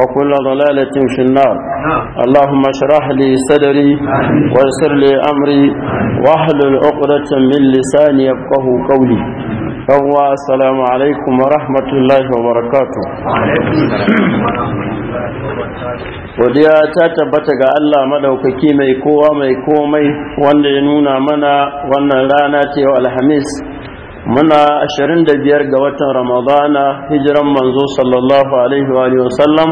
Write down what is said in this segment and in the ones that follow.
وكل ضلالة في النار اللهم اشرح لي صدري ويسر لي أمري واحلل عقدة من لساني يفقه قولي هو السلام عليكم ورحمة الله وبركاته godiya ta tabbata ga Allah madaukaki mai kowa mai komai wanda ya nuna mana wannan rana ta yau alhamis muna ashirin da biyar ga watan ramadana hijiran manzo sallallahu alaihi wa sallam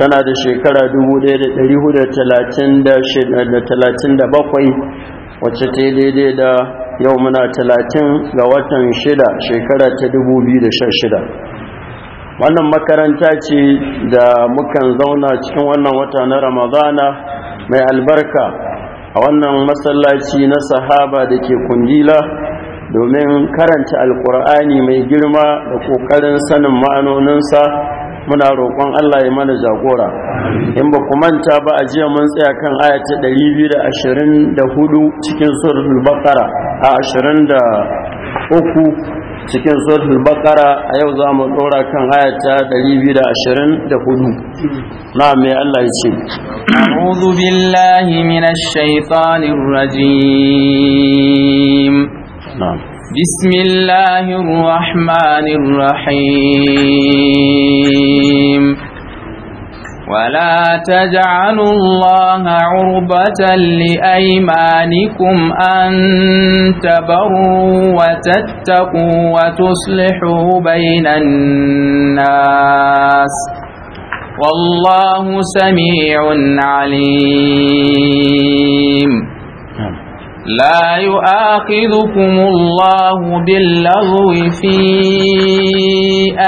tana da shekara 1437 wacce ta yi daidai da yau muna 30 ga watan shida shekara ta 2016 wannan makaranta ce da mukan zauna cikin wannan wata na ramadana mai albarka a wannan masallaci na sahaba da ke kundila domin karanta alkur'ani mai girma da ƙoƙarin sanin ma'anoninsa muna roƙon Allah ya mana jagora in ba ku manta ba a jiya mun tsaya kan aya ta 224 cikin suratul baqara a 23 cikin suratul baqara a yau za mu dora kan aya ta 224 na mai Allah ya ce a'udhu billahi minash shaitanir rajim نعم بسم الله الرحمن الرحيم ولا تجعلوا الله عربة لأيمانكم أن تبروا وتتقوا وتصلحوا بين الناس والله سميع عليم لا يؤاخذكم الله باللغو في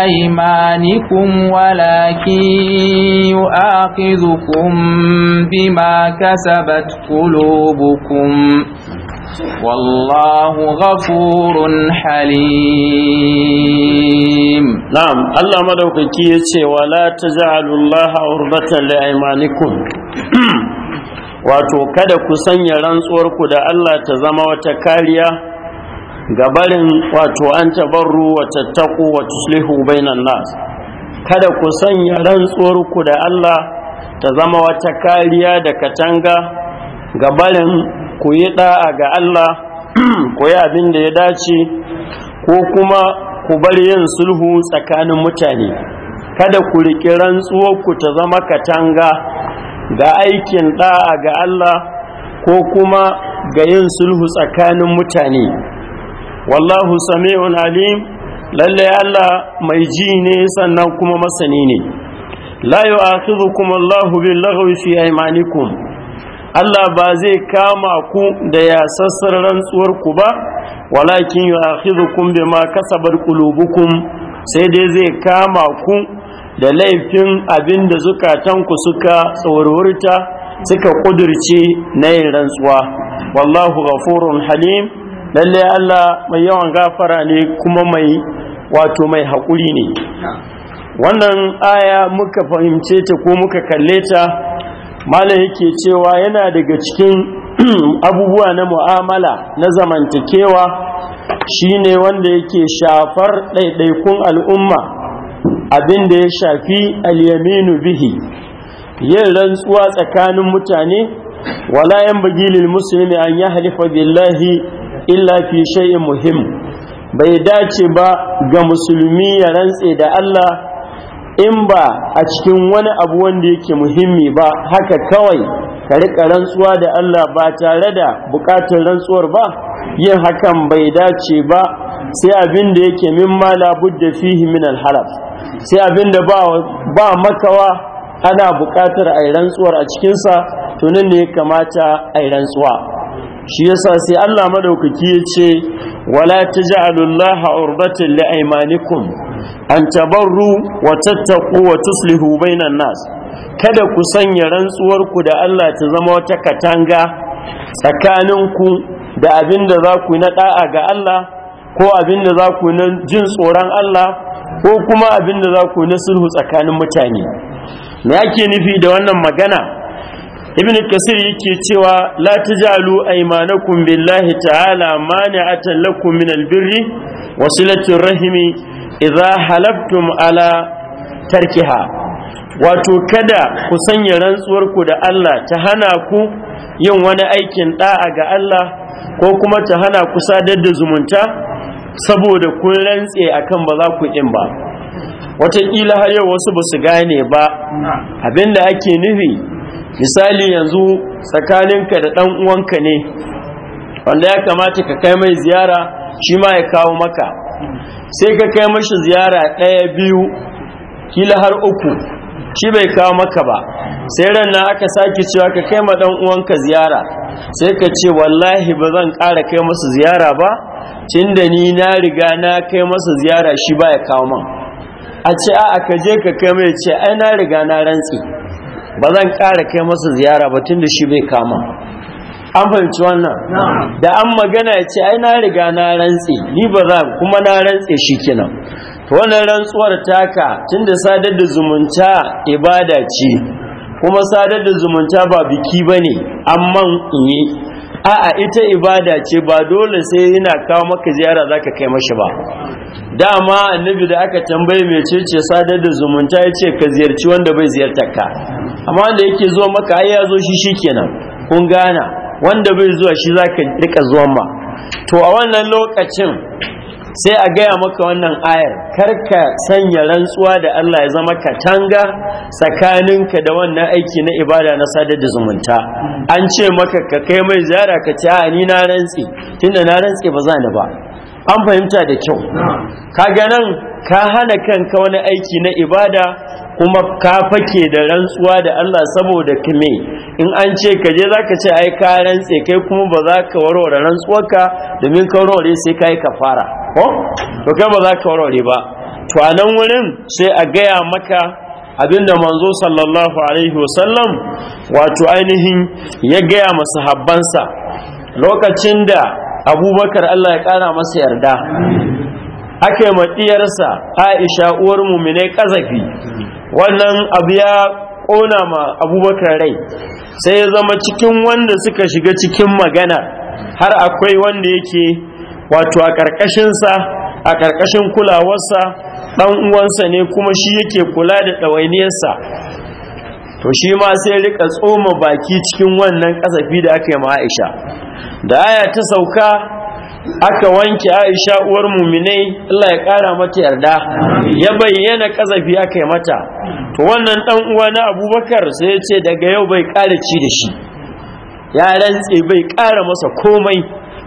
أيمانكم ولكن يؤاخذكم بما كسبت قلوبكم والله غفور حليم نعم الله مدوكي يتي ولا تجعلوا الله عربة لأيمانكم wato kada ku sanya rantsuwar ku da Allah ta zama wata kariya ga barin wato an tabarru wa tattaku wa tuslihu bainan nas kada ku sanya rantsuwar ku da Allah ta zama wata kariya da katanga ga barin ku yi da'a ga Allah ku yi abin da ya dace ko kuma ku bar yin sulhu tsakanin mutane kada ku riƙi rantsuwar ku ta zama katanga ga aikin da'a ga Allah ko kuma ga yin sulhu tsakanin mutane wallahu sami'un alim lalle Allah mai ji ne sannan kuma masani ne la yu'akhidhukum Allahu bil laghwi fi aymanikum Allah ba zai kama ku da yasassar rantsuwar ku ba walakin yu'akhidhukum bima kasabat qulubukum sai dai zai kama ku da laifin abin da zukatanku suka tsawarwarta suka ƙudurci na yin rantsuwa wallahu ghafurun halim lalle Allah mai yawan gafara ne kuma mai wato mai haƙuri ne wannan aya muka fahimce ta ko muka kalle ta malam yake cewa yana daga cikin abubuwa na mu'amala na zamantakewa shine wanda yake shafar ɗaiɗaikun al'umma abin da ya shafi al-yaminu bihi yin rantsuwa tsakanin mutane wala yan bagilil musulmi an ya halifa billahi illa fi shay'in muhim bai dace ba ga musulmi ya rantse da Allah in ba a cikin wani abu wanda yake muhimmi ba haka kawai ka riƙa rantsuwa da Allah ba tare da buƙatar rantsuwar ba yin hakan bai dace ba sai abin da yake mimma la budda fihi min al sai abin da ba makawa ana buƙatar a rantsuwar a cikin sa to nan ne kamata a rantsuwa shi yasa sai Allah madaukaki ya ce wala taj'alullaha urbatan li an tabarru wa tattaqu wa tuslihu bainan nas kada ku sanya rantsuwarku da Allah ta zama wata katanga tsakaninku da abin da za ku yi na da'a ga Allah ko abinda da za ku na jin tsoron Allah ko kuma abin da za ku na sulhu tsakanin mutane me ake nufi da wannan magana ibn kasir yake cewa la tajalu aymanakum billahi ta'ala mani'atan lakum min albirri wa silatir rahimi idza halaftum ala tarkiha wato kada ku sanya rantsuwarku da Allah ta hana ku yin wani aikin ɗa'a ga Allah ko kuma ta hana ku sadar da zumunta saboda kun rantse akan ba za ku in ba wataƙila har yau wasu ba su gane ba abinda ake nufi misali yanzu tsakaninka da ɗan uwanka ne wanda ya kamata ka kai mai ziyara shi ma ya kawo maka sai ka kai mashi ziyara ɗaya biyu kila har uku shi bai kawo maka ba sai ran na aka sake cewa ka kai ma ɗan uwanka ziyara sai ka ce wallahi ba zan ƙara kai masa ziyara ba tun da ni na riga na kai masa ziyara shi ba ya kawo man a ce a ka je ka kai mai ce ai na riga na rantsi ba zan ƙara kai masa ziyara ba tun da shi bai kama an fahimci wannan da an magana ya ce ai na riga na rantsi ni ba zan kuma na rantse shi kenan to wannan rantsuwar taka tunda sadar da zumunta ibada ce kuma sadar da zumunta ba biki bane in yi a'a ita ibada ce ba dole sai yana kawo maka ziyara zaka kai mashi ba dama annabi da aka tambaye ce sadar da zumunta ya ce ka ziyarci wanda bai ziyartar ka amma wanda yake zuwa maka ai ya zo shi shikenan kun gana wanda bai zuwa shi zaka rika zuwa ma to a wannan lokacin sai a gaya maka wannan ayar karka sanya rantsuwa da Allah ya zama katanga tsakaninka da wannan aiki na ibada na sadar da zumunta an ce maka ka kai mai ziyara ka ce a ni na rantsi tunda na rantsi ba za ni ba an fahimta da kyau ka ganin ka hana kanka wani aiki na ibada kuma ka fake da rantsuwa da Allah saboda kime in an ce ka je zaka ce ai ka rantse kai kuma ba za ka warware ka domin ka warware sai kai kafara ko to kai ba za ka warware ba to a nan wurin sai a gaya maka abinda manzo sallallahu alaihi wasallam wato ainihin ya gaya masa habbansa lokacin da abubakar Allah ya kara masa yarda aka yi maɗiyarsa aisha uwar muminai ƙazafi wannan abu ya ƙona ma abubakar rai sai ya zama cikin wanda suka shiga cikin magana har akwai wanda yake wato a ƙarƙashinsa a ƙarƙashin kulawarsa ɗan uwansa ne kuma shi yake kula da ɗawainiyarsa to shi ma sai rika tsoma baki cikin wannan ƙasafi da aka yi ma'aisha da aya ta sauka aka wanke Aisha uwar muminai Allah ya kara mata yarda ya bayyana kazafi aka yi mata to wannan dan uwa na Abubakar sai ya ce daga yau bai kara ci da shi ya rantse bai kara masa komai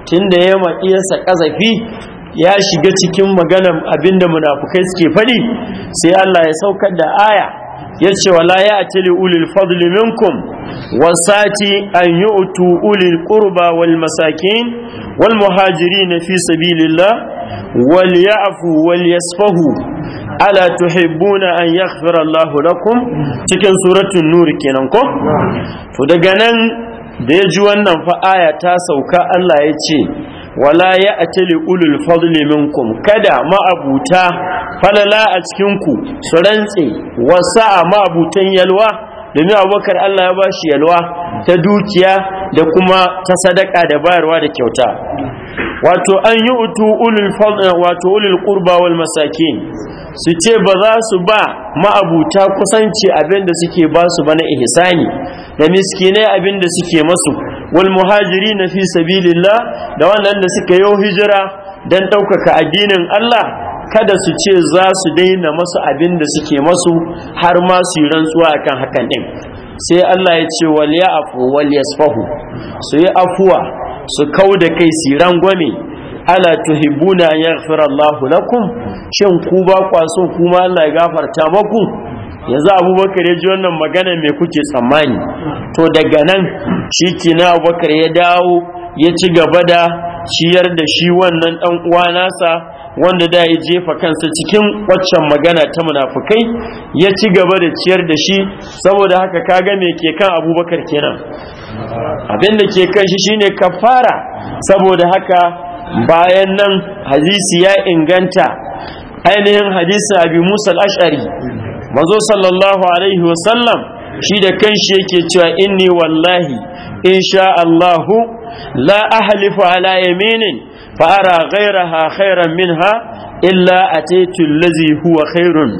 tunda ya maƙiyarsa kazafi ya shiga cikin maganar abinda munafukai suke faɗi sai Allah ya saukar da aya ya ce wala ya atili ulil fadli minkum wasati an yu'tu ulil qurba wal masakin wal na fi sabilillah wal ya'fu wal yasfahu ala tuhibbuna an yaghfira Allah lakum cikin suratul nur kenan ko to daga nan da ya ji wannan fa aya ta sauka Allah ya ce wala ya atili ulil fadli minkum kada ma'abuta falala a cikinku su rantse wasa a ma'abutan yalwa domin abubakar Allah ya ba shi yalwa ta dukiya da kuma ta sadaka da bayarwa da kyauta wato an yi utu wato ulul qurba wal masakin su ce ba za su ba ma'abuta kusanci abin suke ba su ba na ihsani da miskinai abinda suke masu wal muhajiri na fi sabilillah da wannan da suka yi hijira don ɗaukaka addinin Allah kada su ce za su daina masu abin da suke masu har ma su yi rantsuwa akan hakan din sai Allah ya ce wal ya'fu wal yasfahu su yi afuwa su kau da kai su rangwame ala tuhibuna an yaghfira Allahu lakum shin ku ba kwa so kuma Allah ya gafarta maku yanzu abubakar ya ji wannan magana me kuke tsammani to daga nan shi kina abubakar ya dawo ya ci gaba da ciyar da shi wannan dan uwa nasa wanda da ya jefa kansa cikin waccan magana ta munafukai ya ci gaba da ciyar da shi saboda haka kaga me ke kan abubakar kenan Abinda ke kan shi shine kafara saboda haka bayan nan hadisi ya inganta ainihin hadisi abi musa al-ash'ari manzo sallallahu alaihi wa sallam shi da kanshi yake cewa inni wallahi insha Allahu la ahlifu ala yaminin fa'ara ghairaha khairan minha illa ataitu allazi huwa khairun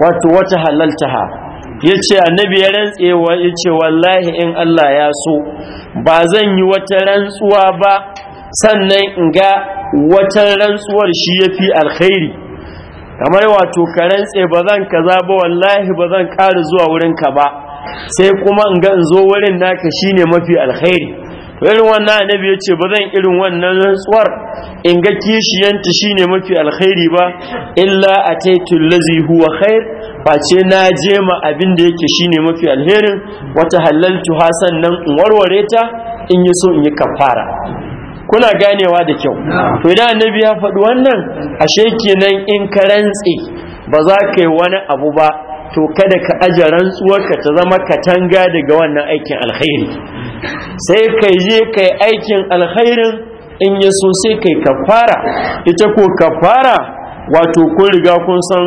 wato wata yace annabi ya rantse wa yace wallahi in Allah ya so ba zan yi wata rantsuwa ba sannan in ga wata rantsuwar shi yafi alkhairi kamar wato ka rantse ba zan kaza ba wallahi ba zan ƙara zuwa wurinka ba sai kuma in ga in zo wurin naka shine mafi alkhairi irin wannan annabi ya ce ba zan irin wannan rantsuwar in ga kishiyanta shine mafi alkhairi ba illa a taitun lazi huwa khair face na je ma abin da yake shine mafi alherin wata halaltu hasan nan in warware ta in yi so in yi kafara kuna ganewa da kyau to idan annabi ya faɗi wannan ashe kenan in ka rantse ba za ka yi wani abu ba to kada ka aje ka ta zama katanga daga wannan aikin alkhairi sai ka je ka yi aikin alkhairin in yi so sai ka yi kafara ita ko kafara wato kun riga kun san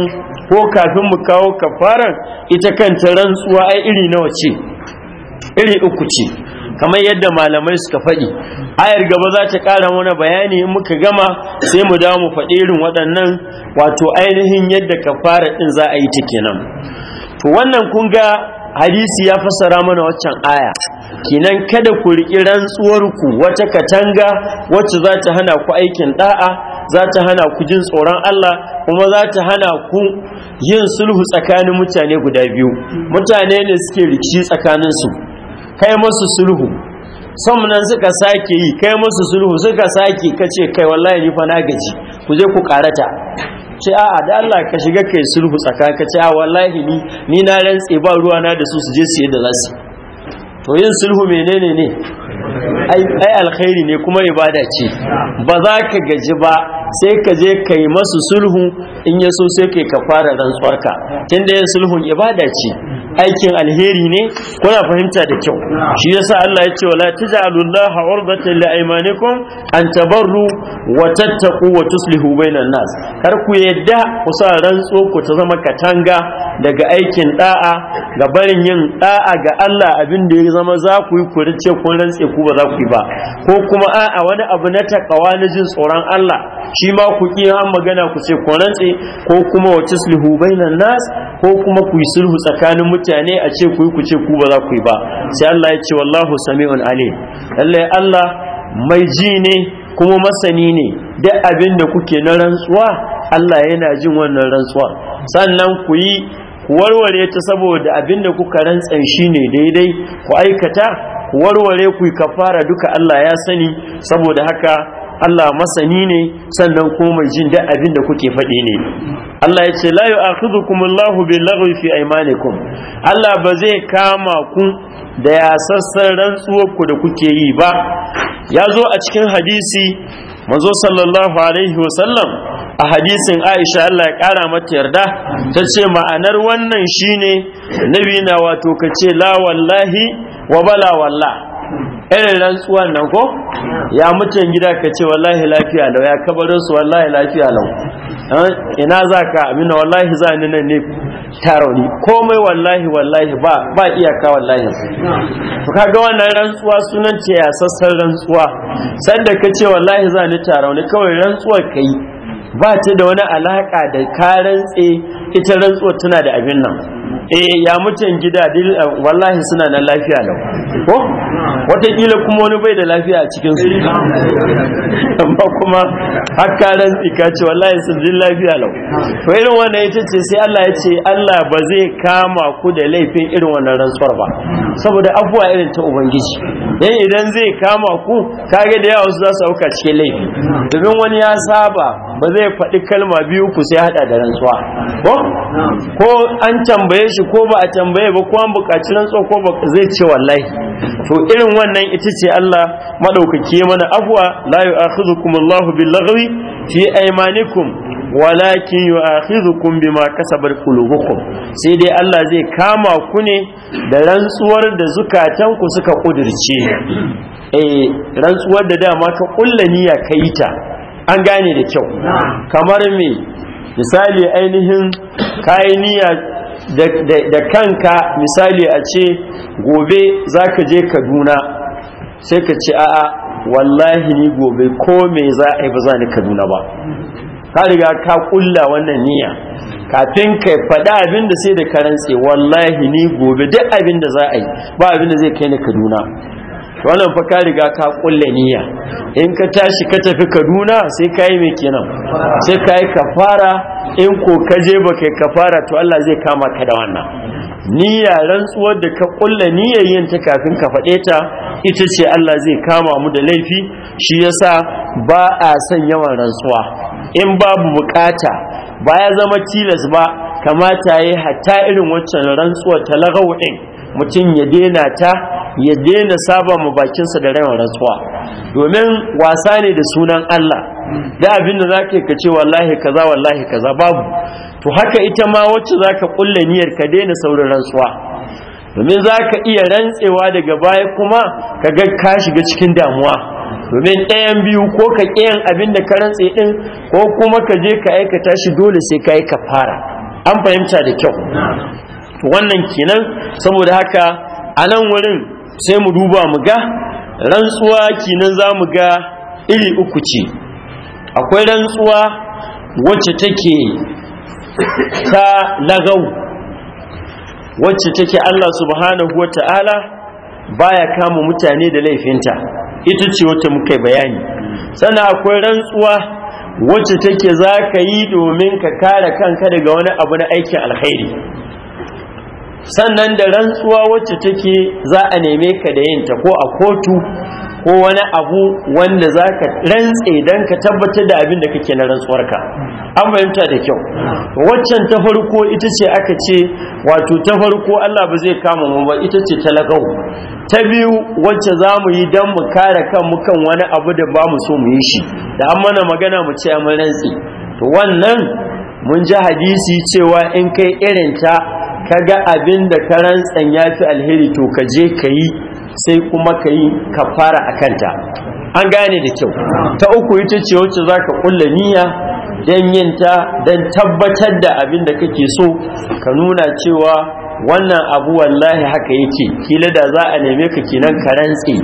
ko kafin mu kawo kafaran ita kanta rantsuwa ai iri nawa ce iri uku ce kamar yadda malamai suka faɗi ayar gaba za ta ƙara mana bayani in muka gama sai mu dawo mu faɗi irin waɗannan wato ainihin yadda kafara ɗin za a yi ta kenan to wannan kun ga hadisi ya fassara mana waccan aya kinan kada ku riƙi rantsuwarku wata katanga wacce za ta hana ku aikin da'a za ta hana ku jin tsoron Allah kuma za ta hana ku yin sulhu tsakanin mutane guda biyu mutane ne suke rikici tsakaninsu kai musu sulhu sannan suka sake yi kai masu sulhu suka sake kace kai wallahi ni fa na gaji ku je ku karata ce a'a da Allah ka shiga kai sulhu tsaka ka ce a wallahi ni ni na rantse ba ruwa na da su su je su da za su to yin sulhu menene ne ai alkhairi ne kuma ibada ce ba za ka gaji ba sai ka je ka yi masu sulhu in ya so sai kai ka fara rantsuwarka tun da yin sulhun ibada ce aikin alheri ne kuna fahimta da kyau shi yasa Allah ya ce wala taj'alullaha urbatan li aymanikum an tabarru wa tattaqu wa tuslihu bainan nas kar ku yadda ku sa rantsu ku ta zama katanga daga aikin da'a ga barin yin da'a ga Allah abin da ya zama za ku yi ku rice kun rantse ku ba za ku yi ba ko kuma a wani abu na takawa na jin tsoron Allah shi ma ku ki magana ku ce ku rantse ko kuma wa tuslihu bainan nas ko kuma ku yi sulhu tsakanin mutane a ce ku yi ku ce ku ba za ku yi ba sai Allah ya ce wallahu sami'un alim lallai Allah mai ji ne kuma masani ne duk abin da kuke na rantsuwa Allah yana jin wannan rantsuwa sannan ku yi ku warware ta saboda abin da kuka rantsan shine daidai ku aikata ku warware ku yi kafara duka Allah ya sani saboda haka Allah masani ne sannan ko mai jin da abin da kuke faɗi ne Allah ya ce la yu'akhidhukum Allahu bil laghwi fi aymanikum Allah ba zai kama ku da yasassan rantsuwar ku da kuke yi ba ya zo a cikin hadisi manzo sallallahu alaihi wasallam a hadisin Aisha Allah ya kara mata yarda ta ce ma'anar wannan shine nabi na wato kace la wallahi wa bala wallah irin rantsuwan nan ko ya mutum gida ka ce wallahi lafiya lau ya kabarin su wallahi lafiya lau ina za ka amina wallahi za ni nan ne tarauni komai wallahi wallahi ba ba iyaka wallahi Ka kaga wannan rantsuwa sunan ce ya sassan rantsuwa sanda ka ce wallahi za ni tarauni kawai rantsuwar yi ba ce da wani alaka da ka rantse ita rantsuwar tana da abin nan eh ya mutan gida eh, wallahi suna nan lafiya lau ko watakila kuma wani bai da lafiya a cikin su amma kuma haka ran tsika ce wallahi sun jin lafiya lau to irin wannan ita ce sai Allah ya ce Allah ba zai kama ku da laifin irin wannan rantsuwar ba saboda abuwa irin ta ubangiji dan idan zai kama ku kage da yawa su za su auka cikin laifi domin wani ya saba ba zai faɗi kalma biyu ku sai hada da rantsuwa ko ko an tambaye shi ko ba a tambaye ba ko an buƙaci rantsuwa ko ba zai ce wallahi to irin wannan ita ce Allah madaukake mana afwa la yu'akhidhukum Allahu bil laghwi fi aymanikum walakin yu'akhidhukum bima bar qulubukum sai dai Allah zai kama ku ne da rantsuwar da zukatan ku suka kudirce eh rantsuwar da dama ka kulla niyya yi ta an gane da kyau kamar me misali ainihin kai niyya da kanka misali a ce gobe zaka je Kaduna sai ka ce a'a wallahi ni gobe ko me za a ba za ni Kaduna ba ka riga ka kulla wannan niyya kafin ka faɗa abin da sai da karantse wallahi ni gobe duk abin da za a yi ba abin da zai kai ni kaduna wannan fa ka riga ka kulla niyya in ka tashi ka tafi kaduna sai ka yi mai kenan sai ka yi kafara in ko ka je ba kai kafara to allah zai kama ka da wannan niyya rantsuwar da ka kulla niyyar yin ta kafin ka faɗe ta ita ce allah zai kama mu da laifi shi yasa ba a son yawan rantsuwa in babu bukata ba ya zama tilas ba kamata ya yi hatta irin waccan rantsuwar ta ɗin mutum ya dena ta ya dena saba ma bakinsa da rawan rantsuwa domin wasa ne da sunan Allah da abin da za ka ce wallahi kaza wallahi kaza babu to haka ita ma wacce za ka kulle niyyar ka dena saurin rantsuwa domin za ka iya rantsewa daga baya kuma ka ga ka shiga cikin damuwa domin ɗayan biyu ko ka ƙiyan abin da ka rantse ɗin ko kuma ka je ka aikata shi dole sai ka yi ka fara an fahimta da kyau wannan kenan saboda haka a nan wurin sai mu duba mu ga rantsuwa kenan za mu ga iri uku ce akwai rantsuwa wacce take ta lagau wacce take Allah subhanahu wa ta'ala baya kama mutane da laifinta ita ce wata muka bayani sannan akwai rantsuwa wacce take za ka yi domin ka kare kanka daga wani abu na aikin alkhairi sannan da rantsuwa wacce take za a neme ka da yinta ko a kotu ko wani abu wanda za ka rantse don ka tabbatar da abin da kake na rantsuwarka an fahimta da kyau waccan ta farko ita ce aka ce wato ta farko Allah ba zai kama mu ba ita ce talakau ta biyu wacce za mu yi don mu kare kanmu kan wani abu da ba mu so mu yi shi da an mana magana mu ce mun rantse to wannan mun ji hadisi cewa in kai irinta ga abin da ka rantsan ya fi alheri to ka je ka yi sai kuma ka yi kafara a kanta an gane da kyau ta uku ita ce wacce za ka ƙulla niyya don yinta don tabbatar da abin da kake so ka nuna cewa wannan abu wallahi haka yake kila da za a neme ka kenan ka rantse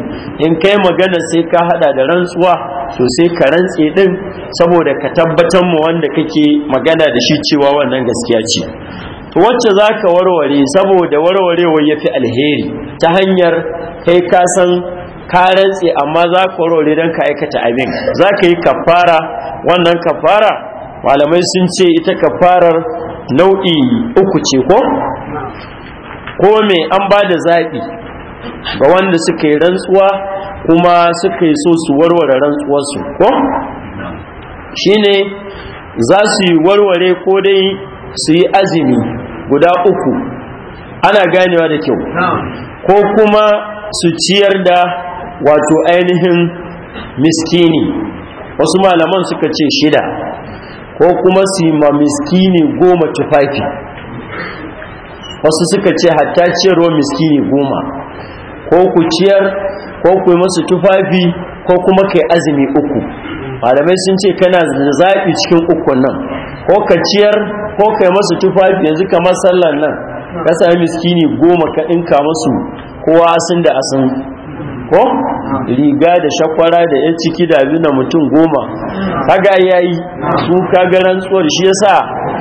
in kai magana sai ka hada da rantsuwa to sai ka rantse din saboda ka tabbatar mu wanda kake magana da shi cewa wannan gaskiya ce wacce za ka warware saboda warwarewar ya fi alheri ta hanyar kai ka san ka rantse amma za ka warware don ka aikata abin za ka yi kafara wannan kafara malamai sun ce ita kafarar nau'i uku ce ko ko me an ba da zaɓi ga wanda suka yi rantsuwa kuma suka yi so su warware rantsuwarsu ko shine za su yi warware ko dai su yi azumi guda uku ana ganewa da kyau ko kuma su ciyar da wato ainihin miskini wasu malaman suka ce shida ko kuma su ma miskini goma tufafi wasu suka ce hatta ciyarwa miskini goma ko ku ciyar ko ku yi masu tufafi ko kuma kai azumi uku malamai sun ce kana zaɓi cikin ukun nan ko ka ciyar ko kai masu tufafi yanzu kamar sallan nan ka sami miskini goma ka ɗinka masu kowa asin da asin ko riga da shakwara da ya ciki da abin mutum goma kaga yi su kaga rantsuwar shi ya sa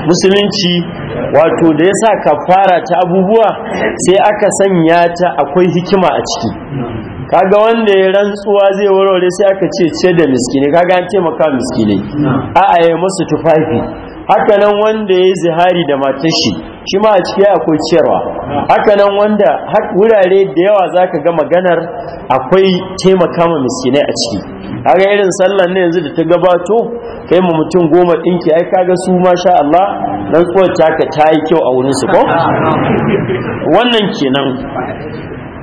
musulunci wato da ya yasa kafara ta abubuwa sai aka sanya ta akwai hikima a ciki kaga wanda ya rantsuwa zai warware sai aka ce ce da miskini kaga an taimaka miskine a'a ya masu tufafi haka nan wanda ya zihari da matashi, shi ma a ciki akwai ciyarwa haka nan wanda wurare da yawa za ka ga maganar akwai taimaka ma miskinai a ciki haka irin sallan na yanzu da ta gabato kai mu mutum goma ɗinki ai ga su ma sha Allah dan tsohon taka ta yi kyau a wurin su ko wannan kenan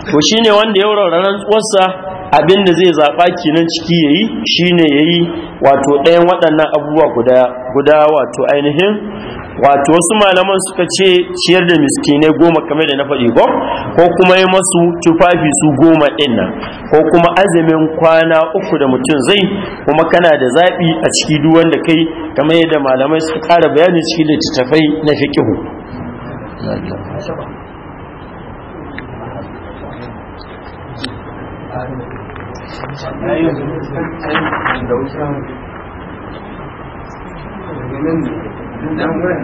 to shine wanda ya wuraren tsuwarsa abin da zai zaɓa kenan ciki ya yi shi ne ya yi wato ɗayan waɗannan abubuwa guda wato ainihin wato wasu malaman suka ce ciyar da miskinai goma kamar da na faɗi ko ko kuma yi masu tufafi su goma ɗin nan ko kuma azumin kwana uku da mutum zai kuma kana da zaɓi a ciki duk wanda kai kamar yadda malamai suka ƙara bayani cikin littattafai na fiƙihu 哎呀，咱咱咱，楼下，问问你，你单位？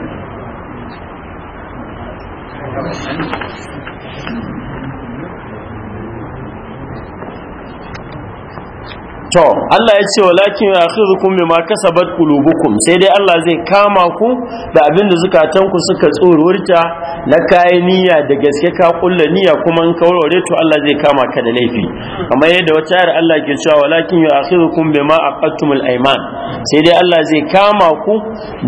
to Allah ya ce walakin kun bi ma kasabat qulubukum sai dai Allah zai kama ku da abinda zukatanku suka tsororta na kayan niyya da gaske ka kulla niyya kuma in kaurore to Allah zai kama ka da laifi kamar yadda wata yar Allah ke cewa walakin kun bi ma aqattumul ayman sai dai Allah zai kama ku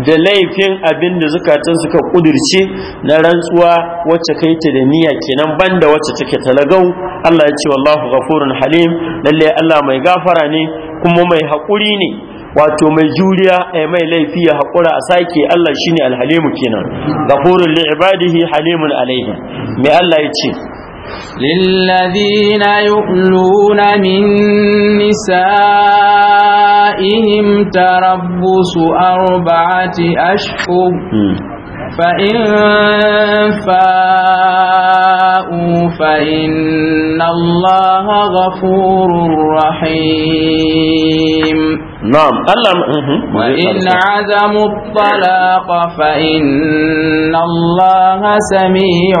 da laifin abinda zukatan suka kudirce na rantsuwa wacce kai ta da niyya kenan banda wacce take talagau Allah ya ce wallahu ghafurun halim lalle Allah mai gafara ne kuma mai haƙuri ne wato mai juriya a eh, mai laifi ya haƙura a sake Allah shine alhalimu kenan ghafurun li ibadihi halimun alaihim me Allah ya ce للذين يؤلون من نسائهم تربص أربعة أشهر فإن فاءوا فإن الله غفور رحيم نعم وإن عزموا الطلاق فإن الله سميع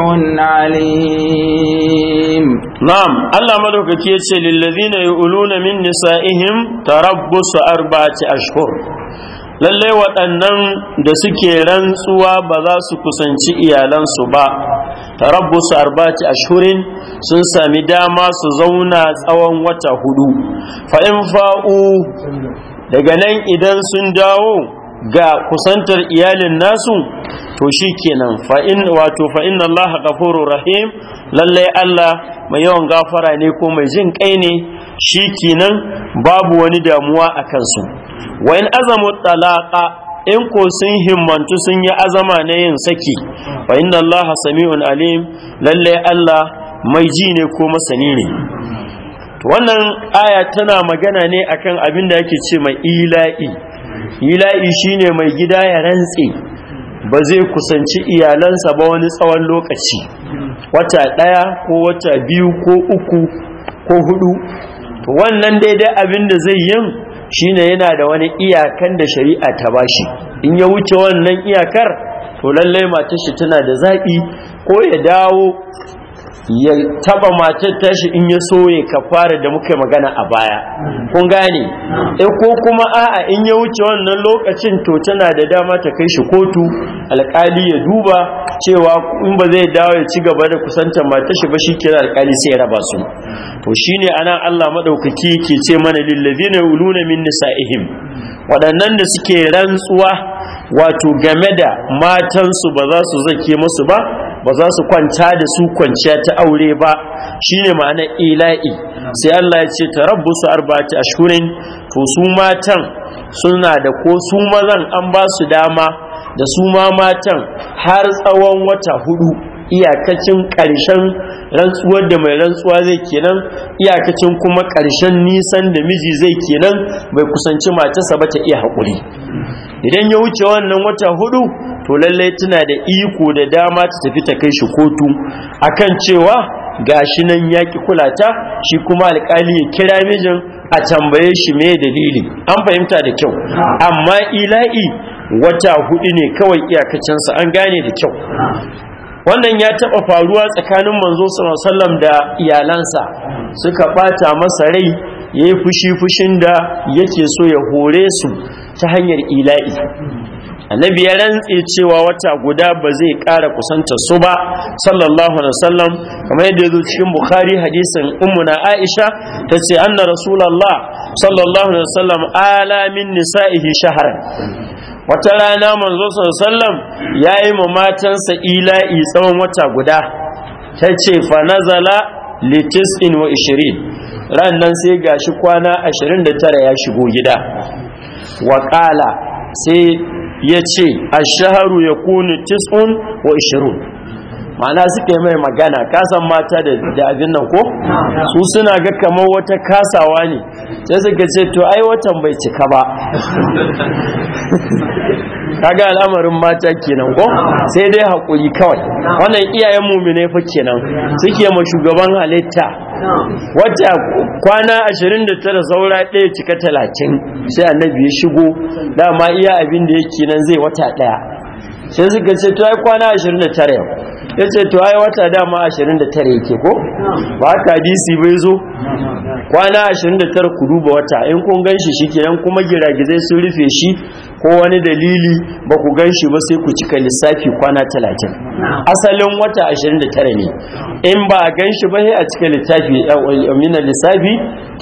عليم نعم الله ملوك كيتش للذين يؤلون من نسائهم تربص أربعة أشهر lalle waɗannan da suke rantsuwa ba za su kusanci iyalansu ba rabbu su arba'ati ashhurin sun sami dama su zauna tsawon wata hudu fa in fa'u daga nan idan sun dawo ga kusantar iyalin nasu to shi kenan fa'in wato fa'in Allah gafuru rahim lallai Allah mai yawan gafara ne ko mai jin kai ne shi kenan babu wani damuwa a kansu wa in azamu talaqa in ko sun himmantu sun yi azama na yin saki Wa inna allaha sami'un alim lalle Allah mai ji ne ko masani ne wannan aya tana magana ne akan abin da yake ce mai ila'i ila'i shine mai gida ya rantse ba zai kusanci iyalansa ba wani tsawon lokaci wata ɗaya ko wata biyu ko uku ko hudu wannan daidai abin da zai yin shine yana da wani iyakan da shari'a ta ba shi. in ya wuce wannan iyakar to lallai matar shi tana da zaɓi ko ya dawo ya taba matar tashi in ya soye ka fara da muka magana a baya kun gane e ko kuma a'a in ya wuce wannan lokacin to tana da dama ta kai shi kotu alkali ya duba cewa in ba zai dawo ya ci gaba da kusantar matar shi ba shi kira alkali sai ya raba su to shine anan Allah madaukaki yake ce mana lillazina yuluna min nisaihim waɗannan da suke rantsuwa wato game da matansu ba za su zake musu ba ba za su kwanta da su kwanciya ta aure ba shine ma'ana ila'i sai Allah ya ce tarabbusu arba'ati ashhurin to su matan suna da ko su mazan an ba su dama da su ma matan har tsawon wata hudu iyakacin ƙarshen rantsuwar da mai rantsuwa zai kenan iyakacin kuma ƙarshen nisan da miji zai kenan bai kusanci matarsa ba ta iya haƙuri idan ya wuce wannan wata hudu to lalle tana da iko da dama ta tafi ta kai shi kotu akan cewa gashi nan yaki kulata shi kuma alƙali ya kira mijin a tambaye shi me dalili an fahimta da kyau amma ila'i wata hudu ne kawai iyakacinsa an gane da kyau wannan ya taɓa faruwa tsakanin manzo Wasallam da iyalansa suka ɓata masa rai ya yi fushi-fushin da yake so ya hore su ta hanyar ila'i annabi ya rantse cewa wata guda ba zai ƙara kusanta su ba sallallahu alaihi wasallam kamar yadda zo cikin bukhari hadisin ummuna aisha tace anna rasulullah sallallahu alaihi wasallam ala min nisa'ihi shahran wata rana manzo sallallahu yayi ma matansa ila'i tsawon wata guda tace fa nazala li ishirin, ran nan sai gashi kwana 29 ya shigo gida wa sai ya ce a shaharu ya kuni tis'un wa ishirun mana suke mai magana kasan mata da abin nan ko su suna ga kamar wata kasawa ne sai suka ce to ai watan bai cika ba kaga al'amarin mata kenan ko sai dai haƙuri kawai wannan iyayen ne fa kenan suke ma shugaban halitta wata kwana 29 saura ɗaya cika 30 sai annabi ya shigo dama iya abin da yake nan zai wata ɗaya sai suka ce to ai kwana 29 yau ya ce to ai wata dama 29 yake ko ba ta hadisi bai zo kwana 29 ku duba wata in kun ganshi shi kenan kuma giragizai sun rufe shi ko wani dalili ba ku ganshi ba sai ku cika lissafi kwana 30 asalin wata 29 ne in ba a ganshi ba sai a cika lissafi eh, eh, minan lissafi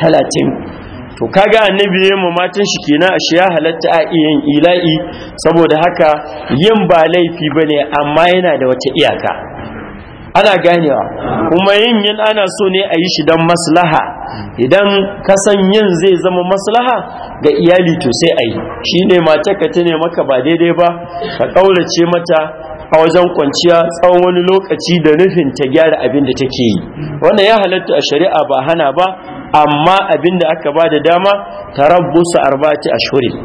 30 to kaga annabi yayin mu matan shi kenan ashe ya halatta a yin ila'i saboda haka yin ba laifi bane amma yana da wata iyaka ana ganewa kuma yin yin ana so ne a yi shi don maslaha idan kasan yin zai zama maslaha ga iyali to sai a yi shi ne mace ka ta maka ba daidai ba ka ƙaurace mata a wajen kwanciya tsawon wani lokaci da nufin ta gyara abin da take yi wannan ya halatta a shari'a ba hana ba amma abin da aka ba da dama tarabbusa arba'ati ashhurin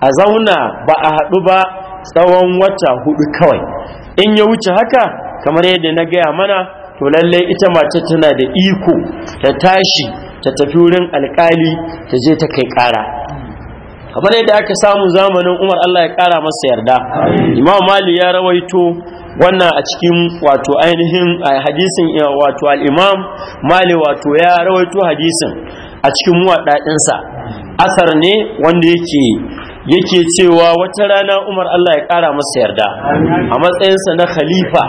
a zauna ba a haɗu ba tsawon wata hudu kawai in ya wuce haka kamar yadda na gaya mana to lallai ita mace tana da iko ta tashi ta tafi wurin alkali ta je ta kai ƙara kamar yadda aka samu zamanin Umar Allah ya kara masa yarda Imam Mali ya rawaito wannan a cikin wato ainihin hadisin wato al-Imam Mali wato ya rawaito hadisin a cikin muwadadinsa asar ne wanda yake yake cewa wata rana Umar Allah ya kara masa yarda a matsayinsa na khalifa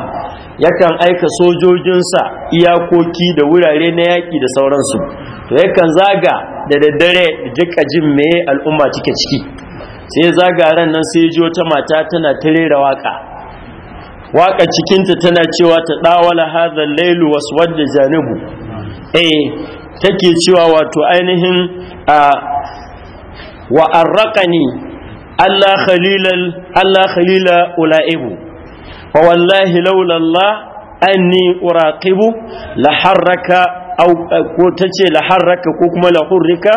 yakan aika sojojinsa iyakoki da wurare na yaƙi da sauransu to kan zaga da daddare da jika jin me al'umma cike ciki sai zagaren nan sai ji wata mata tana ta rera waka waka cikinta tana cewa ta dawala hadha lailu waswad janibu eh take cewa wato ainihin a wa arraqani Allah khalilal Allah khalila ulaibu wa wallahi laula Allah anni uraqibu la harraka Eh, ko tace ce laharraka ko kuma lahurrika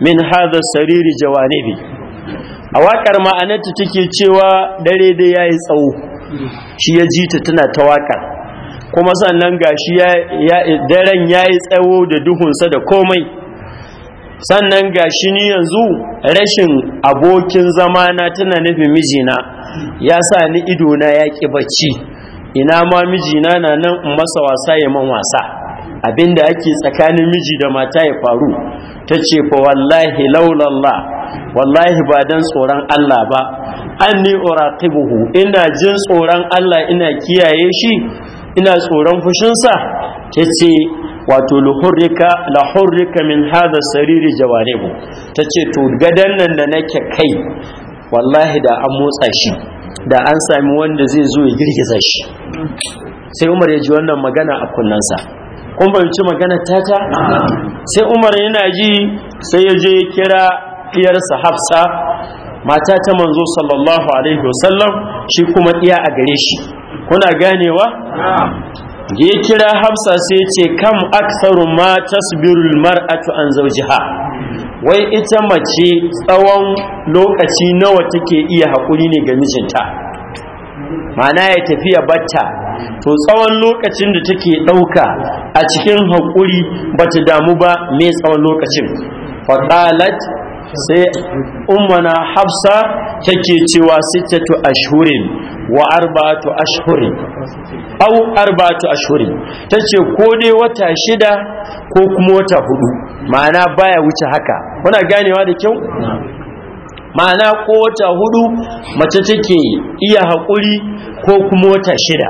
min hadha sariri jawanibi a waƙar ma'anarta take cewa dare da yayi tsawo shi ya ji ta tana ta waƙar kuma sannan gashi ya daren yayi tsawo da duhunsa da komai sannan gashi ni yanzu rashin abokin zama na tana nufin mijina ya sa ni idona yaƙi yaki bacci ina ma mijina na nan in masa wasa ya man wasa abinda ake tsakanin miji da mata ya faru ta ce fa wallahi laulallah wallahi ba dan tsoron Allah ba anni uraqibuhu ina jin tsoron Allah ina kiyaye shi ina tsoron fushinsa ta ce wato lahurrika min hada sariri jawanibu ta ce to gadon nan da nake kai wallahi da an motsa shi da an sami wanda zai zo ya girgiza shi sai umar ya ji wannan magana a kunnansa kun fahimci magana ta ta? sai umar yana ji sai ya je kira ɗiyarsa hafsa mata ta manzo sallallahu alaihi wasallam shi kuma iya a gare shi kuna ganewa ya kira hafsa sai ce kam aksarun ma tasbirul mar'atu an zawjiha wai ita mace tsawon lokaci nawa take iya haƙuri ne ga mijinta Mana ya tafiya batta to tsawon lokacin da take ɗauka a cikin haƙuri ba ta damu ba mai tsawon lokacin faƙalat sai umarna hafsa take cewa sittatu ashurin wa arba'atu ashurin au arba'atu ashurin tace ko dai wata shida ko kuma wata hudu ma'ana baya wuce haka kuna ganewa da kyau ma'ana ko wata hudu mace take iya haƙuri ko kuma wata shida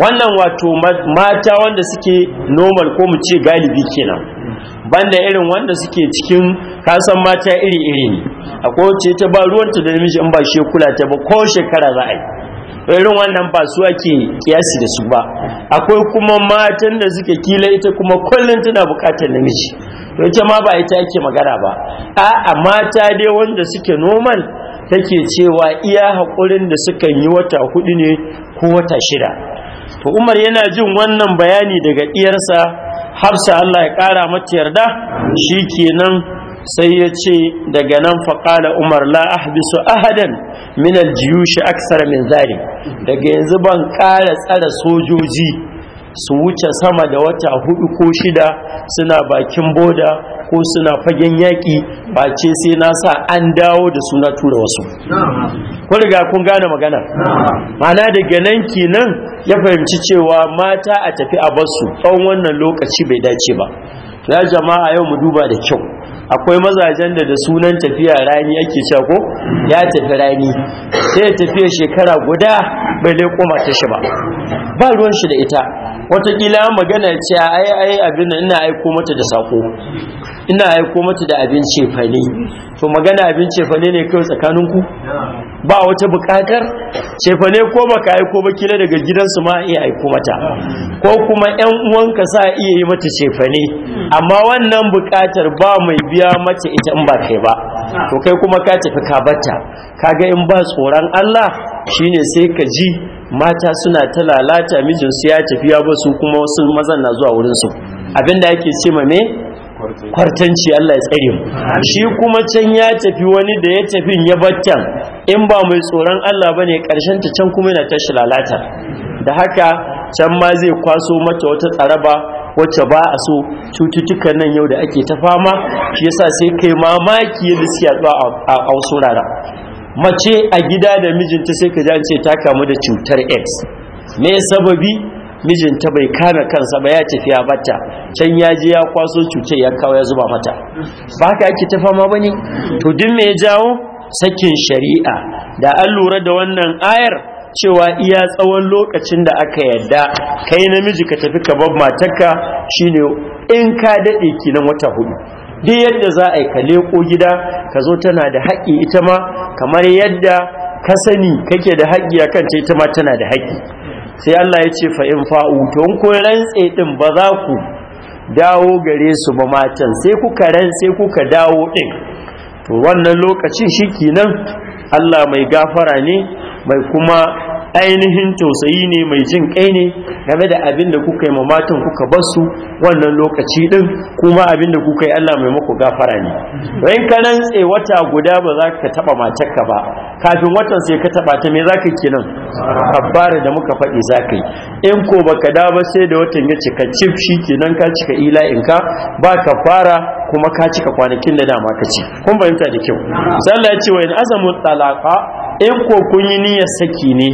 wannan wato mata wanda suke normal ko mu ce galibi kenan banda irin wanda suke cikin kasan mata iri-iri ne akwai wacce ta ba ruwanta da namiji in ba shekula ta ba ko shekara za a yi irin wannan ba su ake kiyasi da su ba akwai kuma matan da suke kila ita kuma kullum tana bukatar namiji to ita ma ba ita ake magana ba a'a mata dai wanda suke noman take cewa iya haƙurin da sukan yi wata hudu ne ko wata shida to umar yana jin wannan bayani daga ɗiyarsa hafsa allah ya ƙara mata yarda shi kenan sai ya ce daga nan faƙala umar la ahbisu ahadan min aljiyushi aksara min zari daga yanzu ban ƙara tsara sojoji su wuce sama da wata hudu ko shida suna bakin boda ko suna fagen yaƙi ba ce sai na sa an dawo da suna tura wasu ko daga kun gane magana mana daga nan kenan ya fahimci cewa mata a tafi a basu ɗan wannan lokaci bai dace ba ya jama'a yau mu duba da kyau akwai mazajen da da sunan tafiya rani ake cewa ko ya tafi rani sai ya tafiya shekara guda bai dai koma ta shi ba ba ruwan shi da ita watakila magana ce ai ai abin ina aiko mata da sako ina aiko mata da abin cefane to magana abin cefane ne kai tsakanin ku ba wata bukatar cefane ko baka aiko ba kila daga gidansu ma iya aiko mata ko kuma yan uwanka sa iya yi mata cefane amma wannan bukatar ba mai biya mace ita in ba kai ba to kai kuma ka tafi ka bata kaga in ba tsoron Allah shine sai ka ji mata suna ta lalata mijin su ya tafi ya ba su kuma wasu mazan na zuwa wurin su abinda ake ce ma me kwartanci Allah ya tsare mu shi kuma can ya tafi wani da ya tafi ya battan in ba mai tsoron Allah bane karshen ta can kuma yana tashi lalata da haka can ma zai kwaso mata wata tsaraba wacce ba a so cututtukan nan yau da ake ta fama shi yasa sai kai mamaki yadda suke zuwa a wasu rara mace a gida da mijinta sai ka jance ta kamu da cutar X. me sababi mijinta bai kana kansa ba ya tafiya ya bata can ya je ya kwaso cutar ya kawo ya zuba mata ba ka ake ta fama ne? to duk me ya jawo sakin shari'a da an lura da wannan ayar cewa iya tsawon lokacin da aka yadda kai namiji ka tafi ka bar matarka shine in ka dade kinan wata hudu duk yadda za a yi ka leko gida ka zo tana da haƙƙi ita ma kamar yadda ka sani kake da haƙƙi kan ta ita ma tana da haƙƙi sai Allah ya ce fa in fa'u to in kun rantse din ba za ku dawo gare su ba matan sai kuka rantse kuka dawo din to wannan lokacin shi shikenan Allah mai gafara ne mai kuma ainihin tausayi ne mai jin kai ne game da abin da kuka yi mamatan kuka basu wannan lokaci din kuma abin da kuka yi Allah mai muku gafara ne rain ka tse wata guda ba za ka taba matarka ba kafin watan sai ka taba ta me za ka nan? kabbara da muka faɗi za ka yi in ko baka da ba sai da watan ya cika cif shi kenan ka cika Ila, in ka ba ka fara kuma ka cika kwanakin da dama ka ci kun bayyanta da kyau sai ya ce wa in azamu talaqa in ko kun yi niyyar saki ne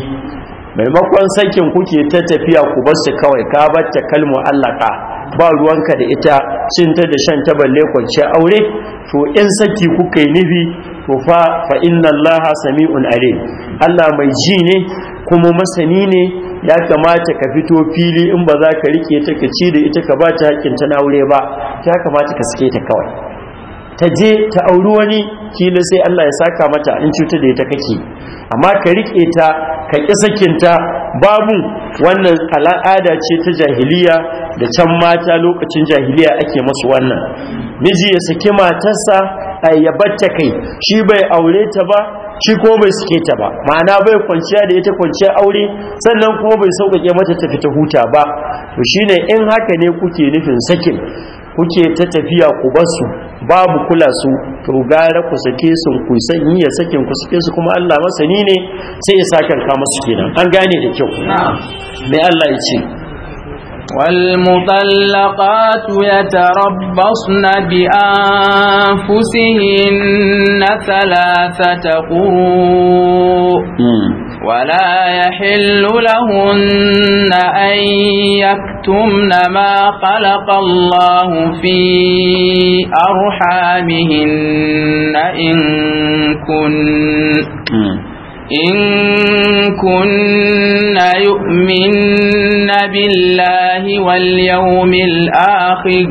maimakon sakin kuke ta tafiya ku bar su kawai ka bar ta kalmu allaka ba ruwanka da ita cin ta da shan ta balle kwance aure to in saki kuka yi nufi to fa fa inna Allah sami'un are. Allah mai ji ne kuma masani ne ya kamata ka fito fili in ba za ka rike ta ka ci da ita ka ba ta hakkin ta na aure ba ya kamata ka sake ta kawai ta je ta auri wani kila sai Allah ya saka mata in cuta da ita kake amma ka rike ta ka ƙi sakinta babu wannan al'ada ce ta jahiliya da can mata lokacin jahiliya ake masu wannan miji ya saki matarsa a ta kai shi bai aure ta ba shi ko bai suke ta ba ma'ana bai kwanciya da ita kwanciya aure sannan kuma bai sauƙaƙe mata ta fita huta ba to shine in haka ne kuke nufin sakin kuke ta tafiya ku basu babu kula su to gara ku sake su ku sanyi ya sakin ku sake su kuma Allah masani ne sai ya sakan ka musu kenan an gane da kyau mai Allah ya ce والمطلقات يتربصن بأنفسهن ثلاثة قروء ولا يحل لهن أن يكتمن ما خلق الله في أرحامهن إن كن إن كن يؤمن بالله واليوم الآخر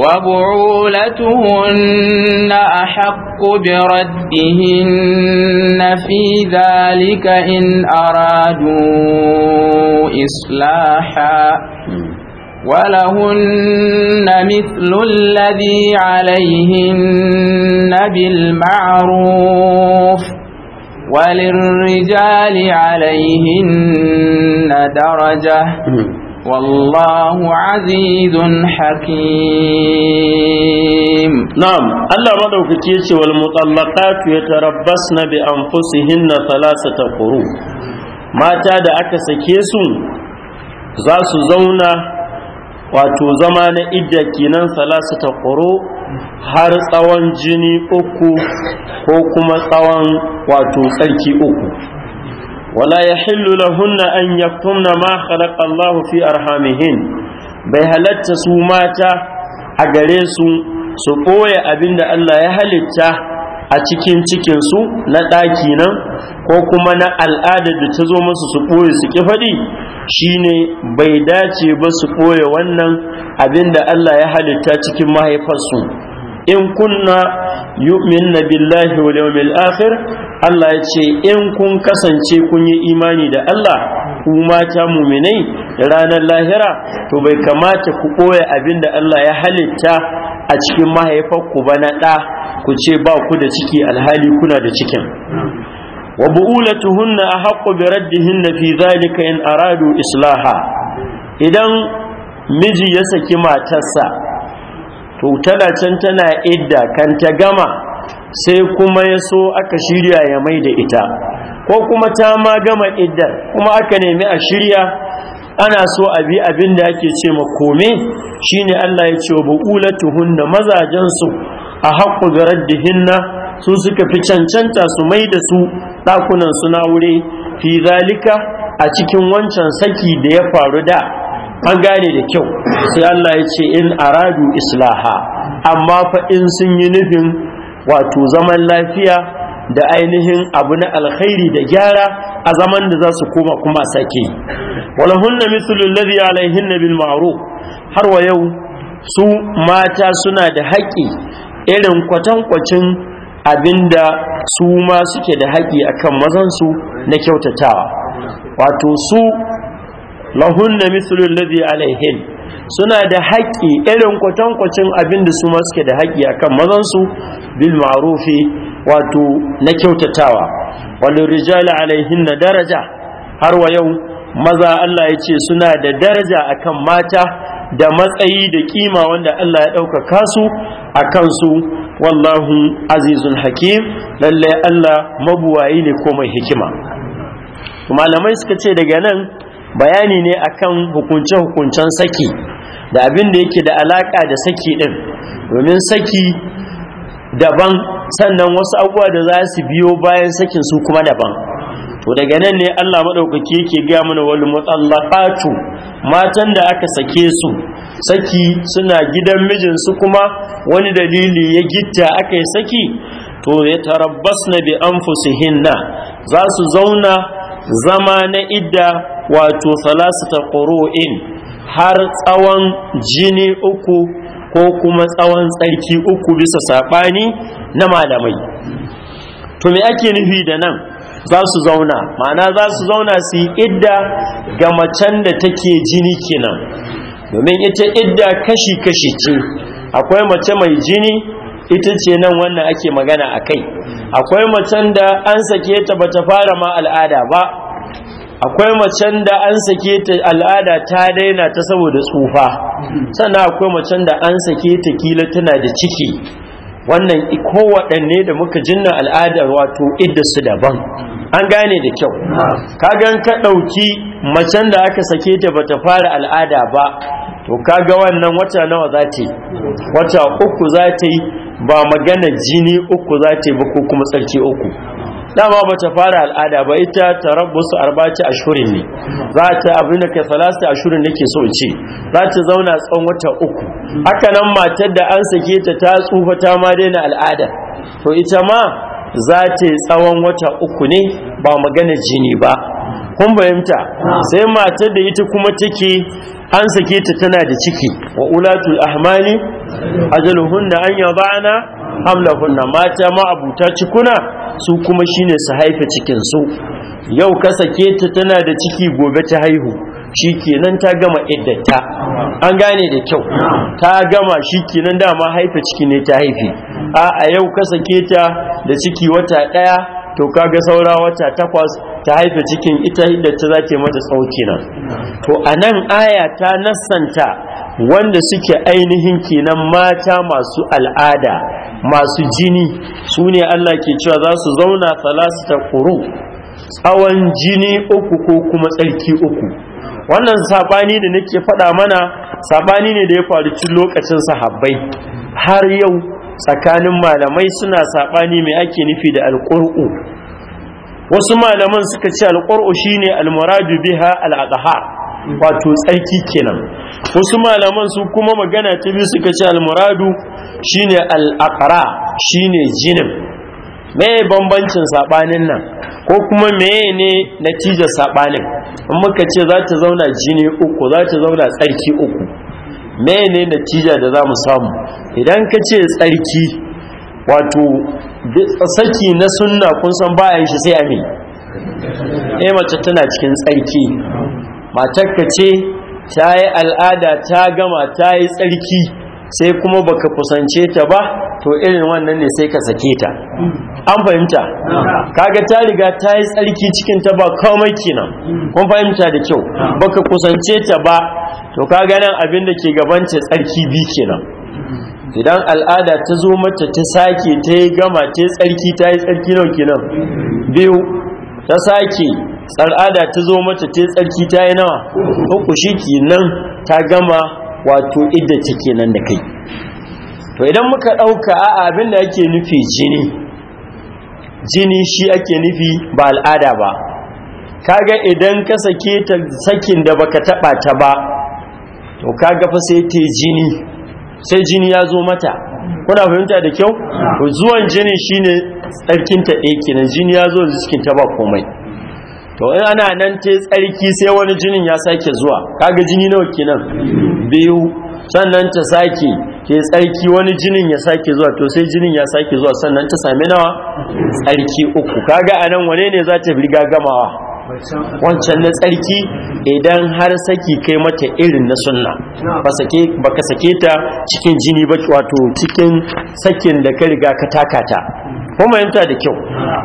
وبعولتهن أحق بردهن في ذلك إن أرادوا إصلاحا ولهن مثل الذي عليهن بالمعروف وللرجال عليهن درجة والله عزيز حكيم نعم الله مدوك تيتي والمطلقات يتربصن بأنفسهن ثلاثة قروء mata da aka sake su za su zauna wato zama na idda kenan salasu har tsawon jini uku ko kuma tsawon wato tsarki uku ولا يحل لهن أن يكتمن ما خلق الله في أرحامهن bai halatta su mata a gare su su ɓoye abin da Allah ya halitta a cikin cikinsu na ɗaki nan ko kuma na al'ada da ta zo musu su ɓoye su ƙi faɗi shine bai dace ba su ɓoye wannan abin da Allah ya halitta cikin mahaifarsu in kunna yu'minna billahi wal yawmil akhir Allah ya ce in kun kasance kun yi imani da Allah ku mata muminai ranar lahira to bai kamata ku ɓoye abin da Allah ya halitta a cikin mahaifarku ba na ɗa ku ce ba ku da ciki alhali kuna da cikin wa bu'ulatuhunna ahaqqu bi raddihinna fi zalika in aradu islaha idan miji ya saki matarsa to tana can tana idda kan ta gama sai kuma ya so aka shirya ya mai da ita ko kuma ta ma gama iddar kuma aka nemi a shirya ana so a bi abin da ake ce ma kome ne Allah ya ce wa bu'ulatuhunna mazajen su a haƙƙu da raddihinna su suka fi cancanta su mai da su ɗakunan suna wuri? Fizalika fi zalika a cikin wancan saki da ya faru da an gane da kyau sai Allah ya ce in aradu islaha amma fa in sun yi nufin wato zaman lafiya da ainihin abu na alkhairi da gyara a zaman da za su koma kuma sake walahunna mislul ladhi na bin ma'ruf har wa yau su mata suna da haƙi irin kwatankwacin abinda su ma suke da haƙi akan mazansu na kyautatawa wato su lahunna mislu alladhi alaihin suna da haƙƙi irin kwatankwacin abin da su ma suke da haƙƙi akan mazan su bil ma'rufi wato na kyautatawa wani rijali na daraja har wa yau maza Allah ya ce suna da daraja akan mata da matsayi da kima wanda Allah ya ɗaukaka su a kansu wallahu azizun hakim lallai Allah mabuwayi ne ko mai hikima malamai suka ce daga nan bayani ne akan hukunce-hukuncen saki da abin da yake da alaka da saki din domin saki daban sannan wasu abubuwa da za su biyo bayan sakin su kuma daban to daga nan ne Allah madaukaki yake ga mana wal mutallaqatu matan da aka sake su saki suna gidan mijinsu kuma wani dalili ya gitta aka yi saki to ya tarabbasna bi anfusihinna za su zauna zama na idda wato salasata ƙuru'in har tsawon jini uku ko kuma tsawon tsarki uku bisa saɓani na malamai to me ake nufi da nan za su zauna ma'ana za su zauna su yi idda ga macen da take jini kenan domin ita idda kashi-kashi ce akwai mace mai jini ita ce nan wannan ake magana a kai akwai macen da an sake ta ba ta fara ma al'ada ba akwai macen da an sake ta al'ada ta daina ta saboda tsufa sannan akwai macen da an sake ta kila tana da ciki wannan waɗanne da muka jinna al'ada wato idda su daban an gane da kyau kagan ka ɗauki macen da aka sake ta ba ta fara al'ada ba to kaga wannan wata nawa za ta yi wata uku za ta yi ba magana jini uku za ta yi ba ko kuma tsarki uku dama ba ta fara al'ada ba ita ta rabu su arbaci a shurin ne za ta abin da ke salasta a shurin nake so ce za ta zauna tsawon wata uku haka nan matar da an sake ta ta tsufa ta ma daina al'ada to ita ma za ta yi tsawon wata uku ne ba magana jini ba kun fahimta sai matar da ita kuma take an sake ta tana da ciki wa ulatu ahmali ajaluhunna an yada'na hamlahunna mata ma abuta cikuna su kuma shine su haife cikin su yau ka sake ta tana da ciki gobe ta haihu shikenan ta gama iddata an gane da kyau ta gama shikenan dama haife ciki ne ta haife a a yau ka sake ta da ciki wata daya to kaga saura wata takwas ta haife cikin ita hiddata za ke mata tsauki nan to a nan aya ta nasanta wanda suke ainihin kenan mata masu al'ada masu jini su ne Allah ke cewa za su zauna ta kuru tsawon jini uku ko kuma tsarki uku wannan sabani da nake faɗa mana sabani ne da ya faru cikin lokacin sahabbai har yau tsakanin malamai suna sabani mai ake nufi da alƙur'u wasu malaman suka ce shi ne almuradu biha al wato tsarki kenan wasu malaman su kuma magana ta biyu suka ce almuradu ne al'akara shi ne jinin me bambancin saɓanin nan ko kuma meye ne natijar saɓanin? in muka ce za ta zauna jini uku za ta zauna tsarki uku meye ne natija da za mu samu idan ka ce tsarki wato saki na sunna kun san bayan shi sai amin. eh mace tana cikin tsarki matarka ce ta yi al'ada ta gama ta yi tsarki sai kuma baka kusance ta ba to irin wannan ne sai ka sake ta an fahimta kaga ta riga ta yi tsarki cikin ta ba komai kenan kun fahimta da kyau baka kusance ta ba to kaga nan abin da ke gabance tsarki bi kenan idan al'ada ta zo mata ta sake ta yi gama ta yi tsarki ta yi tsarki nau nan, biyu ta sake al'ada ta zo mata ta yi tsarki ta yi nawa uku shi nan ta gama wato idda ta kenan da kai to idan muka ɗauka a abin da ake nufi jini jini shi ake nufi ba al'ada ba kaga idan ka sake ta sakin da baka taɓa ta ba to kaga fa sai ta jini sai jini ya zo mata kuna fahimta da kyau zuwan jini shine tsarkin ta ɗaya kenan jini ya zo cikin ta ba komai to in ana nan ta tsarki sai wani jinin ya sake zuwa kaga jini nawa kenan biyu sannan ta sake ke tsarki wani jinin ya sake zuwa to sai jinin ya sake zuwa sannan ta sami nawa tsarki uku kaga anan wane ne za ta riga gamawa wancan na tsarki idan har saki kai mata irin na sunna ba ka sake ta cikin jini ba wato cikin sakin da ka riga ka takata kuma yanta da kyau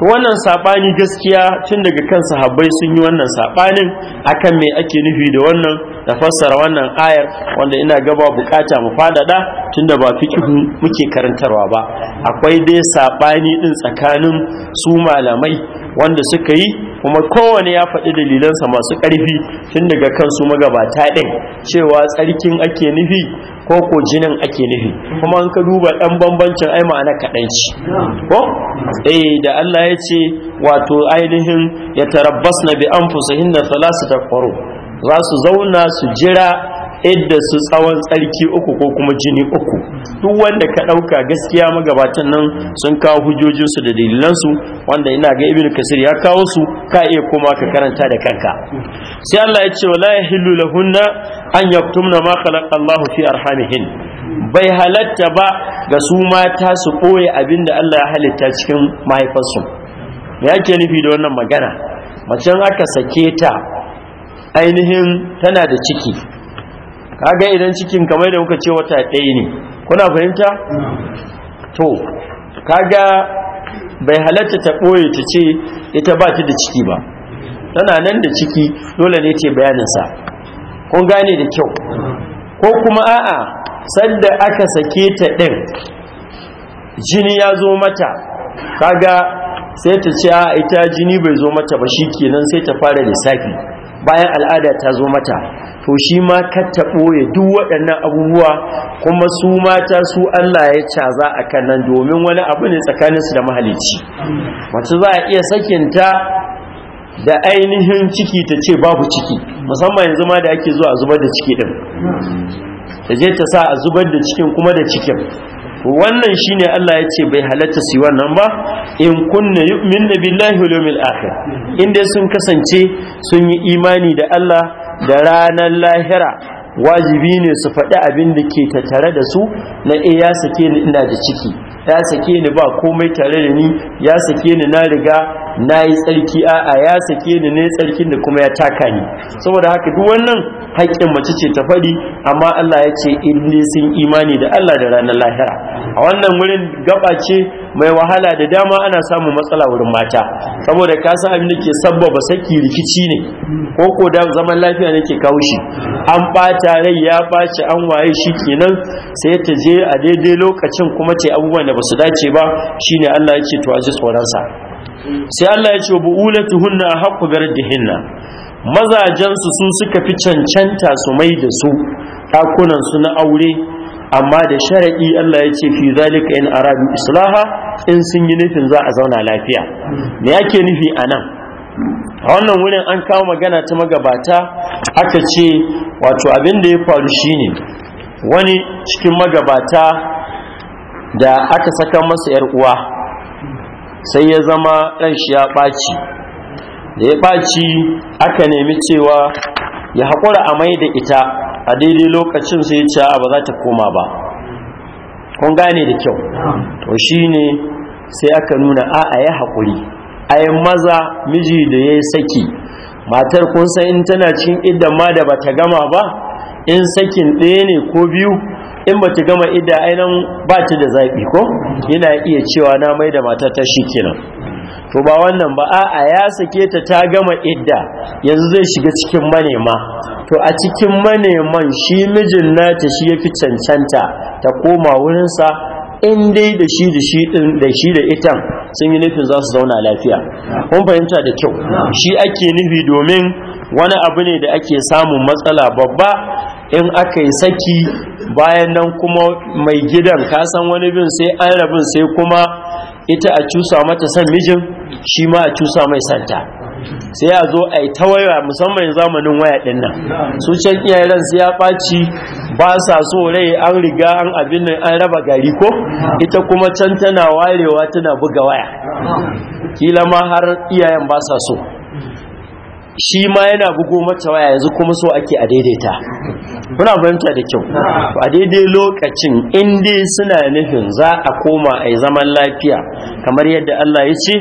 wannan sabani gaskiya tun daga kan sahabbai sun yi wannan sabanin akan me ake nufi da wannan da fassara wannan ayar wanda ina gaba bukata mu fadada tunda ba fikihu muke karantarwa ba akwai dai sabani din tsakanin su malamai wanda suka yi kuma kowane ya faɗi dalilansa masu ƙarfi tun daga kansu magabata ɗin cewa tsarkin ake nufi ko ko jinin ake nufi kuma an ka duba ɗan bambancin ai ma'ana kaɗan ci ko eh da Allah ya ce wato ainihin ya tarabbas na bi an fusahin da salasa ta kwaro za su zauna su jira idda su tsawon tsarki uku ko kuma jini uku duk wanda ka ɗauka gaskiya magabatan nan sun kawo hujjojinsu da dalilansu wanda ina ga ibn kasir ya kawo su ka iya koma ka karanta da kanka sai Allah ya ce wala yahillu lahunna an yaktumna ma khalaqa Allahu fi arhamihin bai halatta ba ga su mata su ɓoye abinda Allah ya halitta cikin mahaifansu. me ake nufi da wannan magana macen aka sake ta ainihin tana da ciki kaga idan cikin kamar da kuka ce wata ɗaya ne kuna fahimta to kaga bai halatta ta ɓoye ta ce ita ba ta da ciki ba tana nan da ciki dole ne ce bayaninsa kun gane da kyau ko kuma a'a sanda aka sake ta ɗin jini ya zo mata kaga sai ta ce a ita jini bai zo mata ba shi kenan sai ta fara lissafi bayan al'ada ta zo mata to shi ma katta ɓoye duk waɗannan abubuwa kuma su mata su Allah ya caza a kan nan domin wani abu ne tsakaninsu da mahalici mace za a iya sakinta da ainihin ciki ta ce babu ciki musamman yanzu ma da ake zuwa a zubar da ciki ɗin ta je ta sa a zubar da cikin kuma da cikin wannan shine Allah ya ce bai halatta su wannan ba in kunna minna billahi wal yawmil akhir inda sun kasance sun yi imani da Allah da ranar lahira wajibi ne su faɗi abin da ke tattare da su na e ya sake ni ina da ciki ya sake ni ba komai tare da ni ya sake ni na riga na yi tsarki a'a ya sake ni ne tsarkin da kuma ya taka ni saboda haka duk wannan haƙƙin mace ce ta faɗi amma Allah ya ce in ne sun imani da Allah da ranar lahira a wannan wurin gaba ce mai wahala da dama ana samun matsala wurin mata saboda ka san abin da ke sabbaba saki rikici ne ko ko da zaman lafiya ne ke kawo shi an ɓata rai ya ɓaci an waye shi kenan sai ta je a daidai lokacin kuma ce abubuwan da ba su dace ba shine Allah ya ce to a ji tsoronsa sai Allah ya ce bu'ulatuhunna haqqu gardihinna mazajen su su suka fi cancanta su mai da su dakunan su na aure amma da shar'i Allah ya ce fi zalika in arabi islaha in sun yi nufin za a zauna lafiya me yake nufi anan a wannan wurin an kawo magana ta magabata aka ce wato abin da ya faru shine wani cikin magabata da aka saka masa 'yar uwa sai ya zama ɗan shi ya ɓaci da ya ɓaci aka nemi cewa ya haƙura a mai da ita a daidai lokacin sai ce ba za ta koma ba kun gane da kyau to shi ne sai aka nuna a a ya haƙuri a yi maza miji da ya yi saki matar kun san in tana cikin idan ma da ba ta gama ba in sakin ɗaya ne ko biyu in ba ta gama idda ainihin ba ta da zaɓi ko yana iya cewa na mai da mata ta shi kenan to ba wannan ba a ya sake ta ta gama idda yanzu zai shiga cikin manema to a cikin maneman shi mijin nata shi ya fi cancanta ta koma wurinsa in dai da shi da shi din da shi da itan sun yi nufin za su zauna lafiya kun fahimta da kyau shi ake nufi domin wani abu ne da ake samun matsala babba in aka yi saki bayan nan kuma mai gidan kasan wani bin sai an rabin sai kuma ita a cusa mata san mijin shi ma a cusa mai santa sai a zo a yi ta waya musamman zamanin waya ɗin nan su can iyayen su ya ɓaci ba sa so rai an riga an abin nan an raba gari ko ita kuma can tana warewa tana buga waya kila ma har iyayen ba sa so shi ma yana bugo mata waya yanzu kuma so ake a daidaita muna fahimta da kyau a daidai lokacin in suna nufin za a koma a zaman lafiya kamar yadda Allah ya ce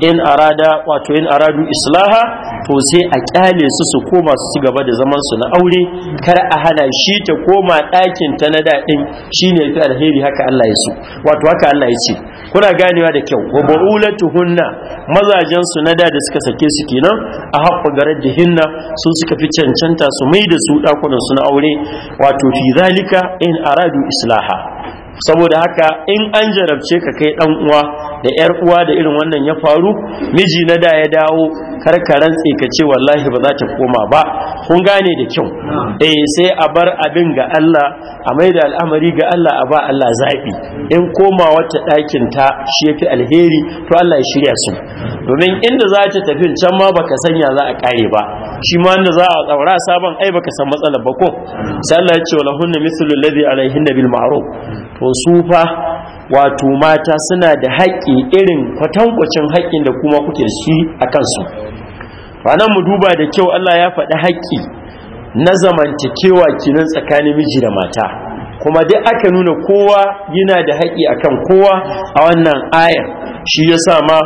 in arada wato in aradu islaha to sai a kyale su su koma su ci gaba da zaman su na aure kar a hana shi ta koma ɗakin ta na daɗin shine fi alheri haka Allah ya so wato haka Allah ya ce kuna ganewa da kyau wa ba'ulatuhunna mazajen su na da suka sake su kenan a haƙƙa garar da hinna su suka fi cancanta su mai da su ɗakunan su na aure wato fi zalika in aradu islaha saboda haka in an jarabce ka kai dan uwa da yar uwa da irin wannan ya faru miji na da ya dawo karkaran ka ce wallahi ba za ta koma ba kun gane da kyau eh sai a bar abin ga Allah a da al'amari ga Allah a ba Allah zabi in koma wata ɗakin ta shi yafi alheri to Allah ya shirya su domin inda za ta tafi can ma baka sanya za a kare ba shi ma inda za a tsaura sabon ai baka san matsalar ba ko sai Allah ya ce walahunna mislu alladhi alaihinna bil ma'ruf wato sufa wato mata suna da haƙƙi irin kwatankwacin haƙƙin da kuma kuke shi a kansu ranar mu duba da kyau Allah ya faɗi haƙƙi na zamantakewa kinan tsakanin miji da mata kuma dai aka nuna kowa yana da haƙƙi akan kowa a wannan ayar shi ya sa ma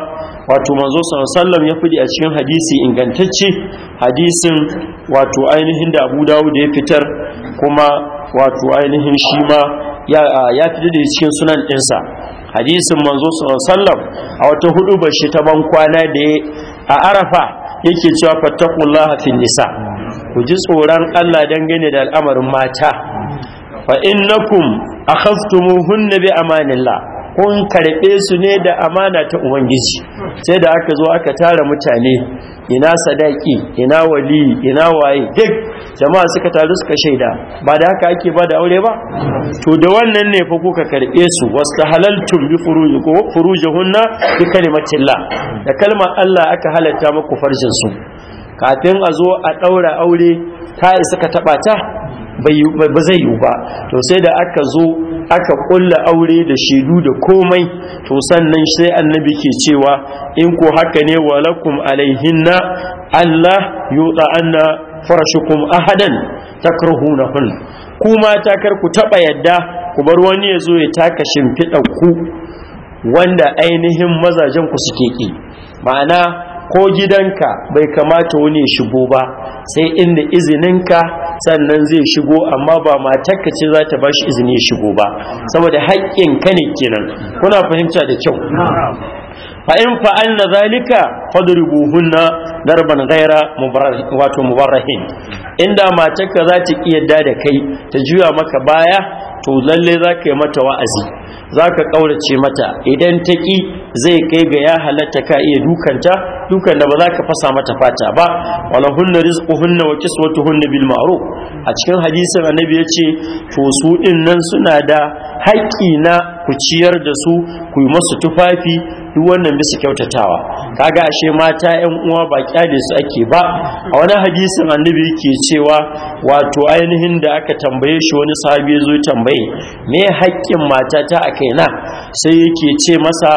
wato manzo sallam ya fidi a cikin hadisi ingantacce hadisin wato ainihin da abu dawud ya fitar kuma wato ainihin shi ma ya fi da cikin sunan ɗinsa hadisin manzo sallam a wata hudu bashi ta ban kwana da a arafa yake cewa fattakullaha fil nisa ku ji tsoron Allah dangane da al'amarin mata fa innakum akhastumuhunna bi amanillah kun karɓe su ne da amana ta ubangiji sai da aka zo aka tara mutane ina sadaki ina wali ina waye duk jama'a suka taru suka shaida ba da haka ake ba da aure ba to da wannan ne fa kuka karɓe su wasta halaltum bi hunna bi kalimatillah da kalmar Allah aka halatta muku farjin su kafin a zo a ɗaura aure ta isa ka taɓa ta ba zai yiwu ba to sai da aka zo aka kulla aure da shaidu da komai to sannan sai annabi ke cewa in ko haka ne walakum alaihinna Allah yuda anna farashukum ahadan takrahunahun ku mata kar ku taba yadda ku bar wani ya zo ya taka shimfiɗa ku wanda ainihin mazajen ku suke ki ma'ana ko gidanka bai kamata wani ya shigo ba sai inda izininka sannan zai shigo amma ba matarka ce za ta ba shi izini ya shigo ba saboda haƙƙin ka ne kenan kuna fahimta da kyau fa'in fa'an na zalika fadribuhunna darban gaira wato mubarrahin inda matarka za ta ƙi da kai ta juya maka baya to lalle za ka yi mata wa'azi za ka ƙaurace mata idan ta ƙi zai kai ga ya halatta ka iya dukanta dukan da ba za ka fasa mata fata ba wala hunna rizqu hunna wa kiswatu hunna bil ma'ruf a cikin hadisin annabi ya ce to su din nan suna da haƙi na ku ciyar da su ku yi musu tufafi duk wannan bisa kyautatawa kaga ashe mata yan uwa ba kyale su ake ba a wani hadisin annabi yake cewa wato ainihin da aka tambaye shi wani sahabi zo tambaye me haƙƙin ta a na, sai yake ce masa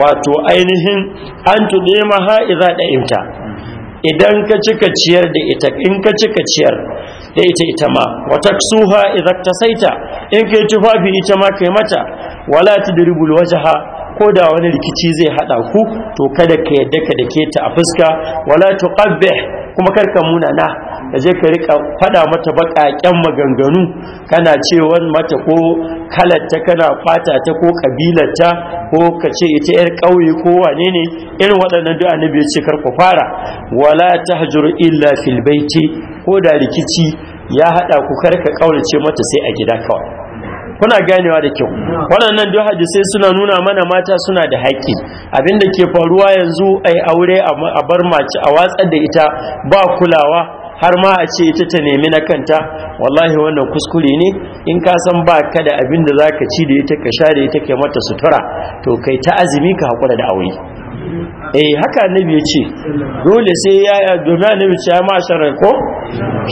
wato ainihin an tuɗe maha idza da'imta idan ka cika ciyar da ita in ka cika ciyar da ita ita ma wata suha idza tasaita in kai tufafi ita ma kai mata wala tudribul wajha ko da wani rikici zai hada ku to kada ka yadda ka dake ta a fuska wala tuqabbih kuma karka munana ka je ka rika fada mata bakaken maganganu kana cewa mata ko kalarta kana fata ta ko kabilarta ko ka ce ita yar kauye ko wane ne irin waɗannan duk annabi ya ce karku fara wala tahjur illa fil baiti ko da rikici ya hada ku karka kaurace mata sai a gida kawai kuna ganewa da kyau waɗannan duk hadisai suna nuna mana mata suna da haƙƙi abinda ke faruwa yanzu ai aure a bar mace a watsar da ita ba kulawa har ma a ce ita ta nemi na kanta wallahi wannan kuskure ne in ka san ba ka da abin da zaka ci da ita ka share ita kai mata sutura to kai ta azumi ka hakura da aure eh haka annabi ya ce dole sai ya ya domin annabi ce ya ma sharar ko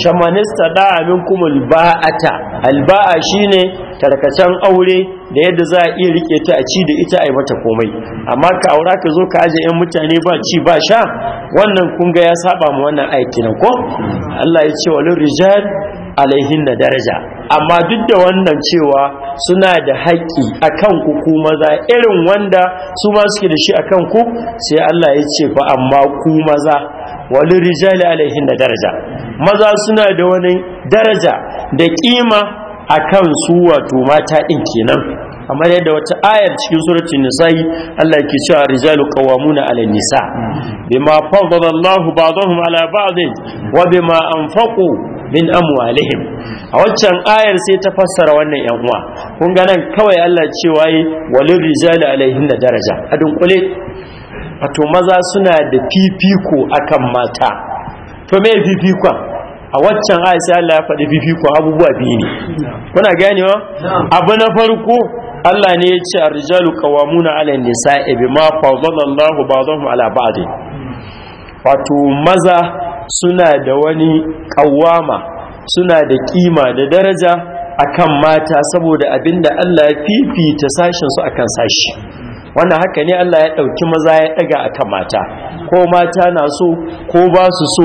shamanista da amin kuma alba'ata alba'a shine tarkacen aure da yadda za a iya rike ta a ci da ita a yi mata komai amma ka aura ka zo ka aje yan mutane ba ci ba sha wannan kun ga ya saba mu wannan aiki nan ko Allah ya ce walil rijal alaihin na daraja amma duk da wannan cewa suna da haƙƙi kan ku ku maza irin wanda su ma suke da shi akan ku sai Allah ya ce fa amma ku maza walil rijal alaihin na daraja maza suna da wani daraja da kima akan su wato mata ɗin kenan kamar yadda wata ayar cikin suratul nisa'i Allah yake cewa rijalu qawwamuna 'ala nisa bima faddala Allahu ba'dahum 'ala ba'din wa bima anfaqu min amwalihim a waccan ayar sai ta fassara wannan yan uwa kun ga nan kawai Allah cewa yi walil rijali alaihin daraja a dunkule wato maza suna da fifiko akan mata to me fifikon a waccan aisha Allah ya faɗi fifiko abubuwa biyu ne kuna ganewa abu na farko Allah ne ya ce ar-rijalu qawwamuna 'ala an-nisa'i bima faddala Allahu ba'dahum 'ala ba'd wato maza suna da wani ƙawama suna da kima da daraja akan mata saboda abinda Allah ya fifita sashin su akan sashi wannan haka ne Allah ya ɗauki maza ya ɗaga a mata ko mata na so ko ba su so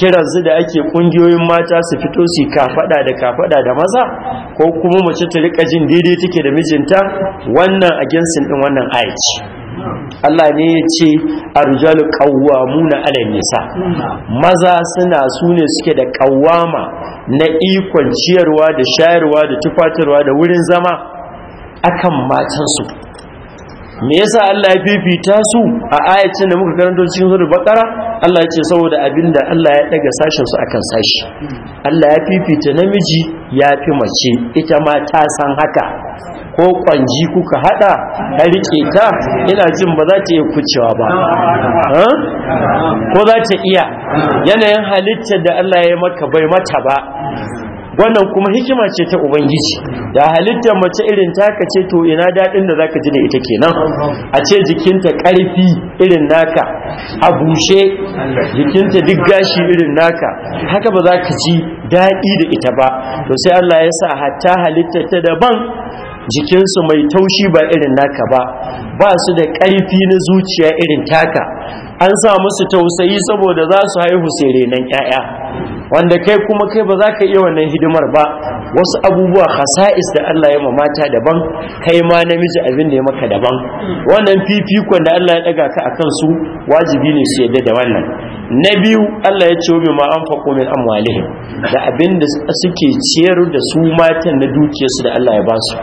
kiransu da ake ƙungiyoyin mata su fito su kafaɗa da kafaɗa da maza ko kuma mace ta riƙa jin daidai take da mijinta wannan a gensin ɗin wannan aiki Allah ne ya ce arjalu qawwamuna 'ala nisa maza suna ne suke da qawwama na ikon ciyarwa da shayarwa da tufatarwa da wurin zama akan matansu me yasa Allah ya fifita su a ayatin da muka karanta cikin sura baqara Allah ya ce saboda abinda Allah ya daga sashin su akan sashi Allah ya fifita namiji ya fi mace ita ma ta san haka ko kwanji kuka hada a rike ta ina jin ba za ta iya kucewa ba ko za ta iya yanayin halittar da Allah ya maka bai mata ba wannan kuma hikima ce ta ubangiji da halittar mace irin taka ce to ina daɗin da zaka ji da ita kenan a ce jikinta karfi irin naka a bushe jikinta duk gashi irin naka haka ba za ka ji daɗi da ita ba to sai Allah ya sa hatta halitta ta daban jikinsu mai taushi ba irin naka ba ba su da karfi na zuciya irin taka an sa musu tausayi saboda za su haihu serenan 'ya'ya wanda kai kuma kai ba za ka iya wannan hidimar ba wasu abubuwa khasa'is da Allah ya mamata daban kai ma namiji abin da ya maka daban wannan fifikon da Allah ya daga ka akan su wajibi ne su yadda da wannan na biyu Allah ya ce wa ma anfaqu min amwalihim da abin da suke ciyar da su matan na dukiyarsu da Allah ya ba su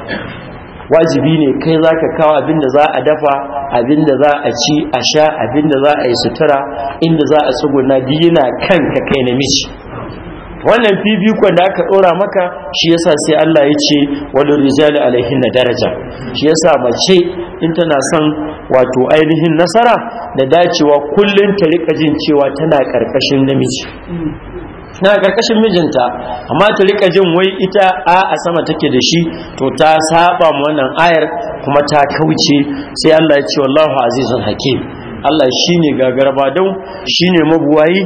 wajibi ne kai za ka kawo abin da za a dafa abin da za a ci a sha abin da za a yi sutura inda za a tsuguna kan ka kai mishi wannan fifikon da aka ɗora maka shi yasa sai Allah ya ce wadda rijali alaihin na daraja shi yasa mace in tana son wato ainihin nasara da dacewa kullum ta rika jin cewa tana ƙarƙashin namiji na karkashin mijinta amma ta rika jin wai ita a a sama take da shi to ta saba mu wannan ayar kuma ta kauce sai Allah ya ce wallahu azizun hakim Allah shine gagarba dau shine mabuwayi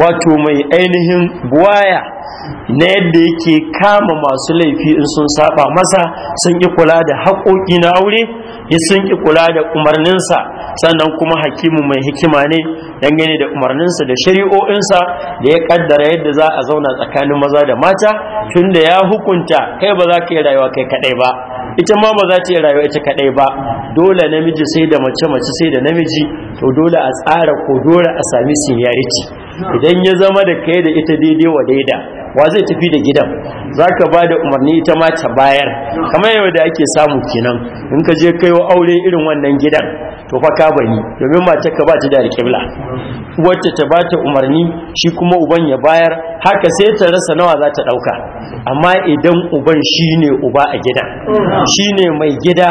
wato mai ainihin buwaya na yadda yake kama masu laifi in sun saba masa sun ki kula da haƙoƙi na aure sun ki kula da umarninsa sannan kuma hakimu mai hikima ne dangane da umarninsa da shari'o'insa da ya kaddara yadda za a zauna tsakanin maza da mata tunda ya hukunta kai ba za ka yi rayuwa kai kaɗai ba ita ma ba za ta yi rayuwa ita kaɗai ba dole namiji sai da mace mace sai da namiji to dole a tsara ko dole a sami seniority idan ya zama da kai da ita daidai wa daida wa zai tafi da gidan za ka ba da umarni ita ma ta bayar kamar yau da ake samu kenan in ka je kaiwa aure irin wannan gidan to fa ka bani domin mace ka ba ta da alƙibla wacce ta ba ta umarni shi kuma uban ya bayar haka sai ta rasa nawa za ta ɗauka amma idan uban shine uba a gida shine mai gida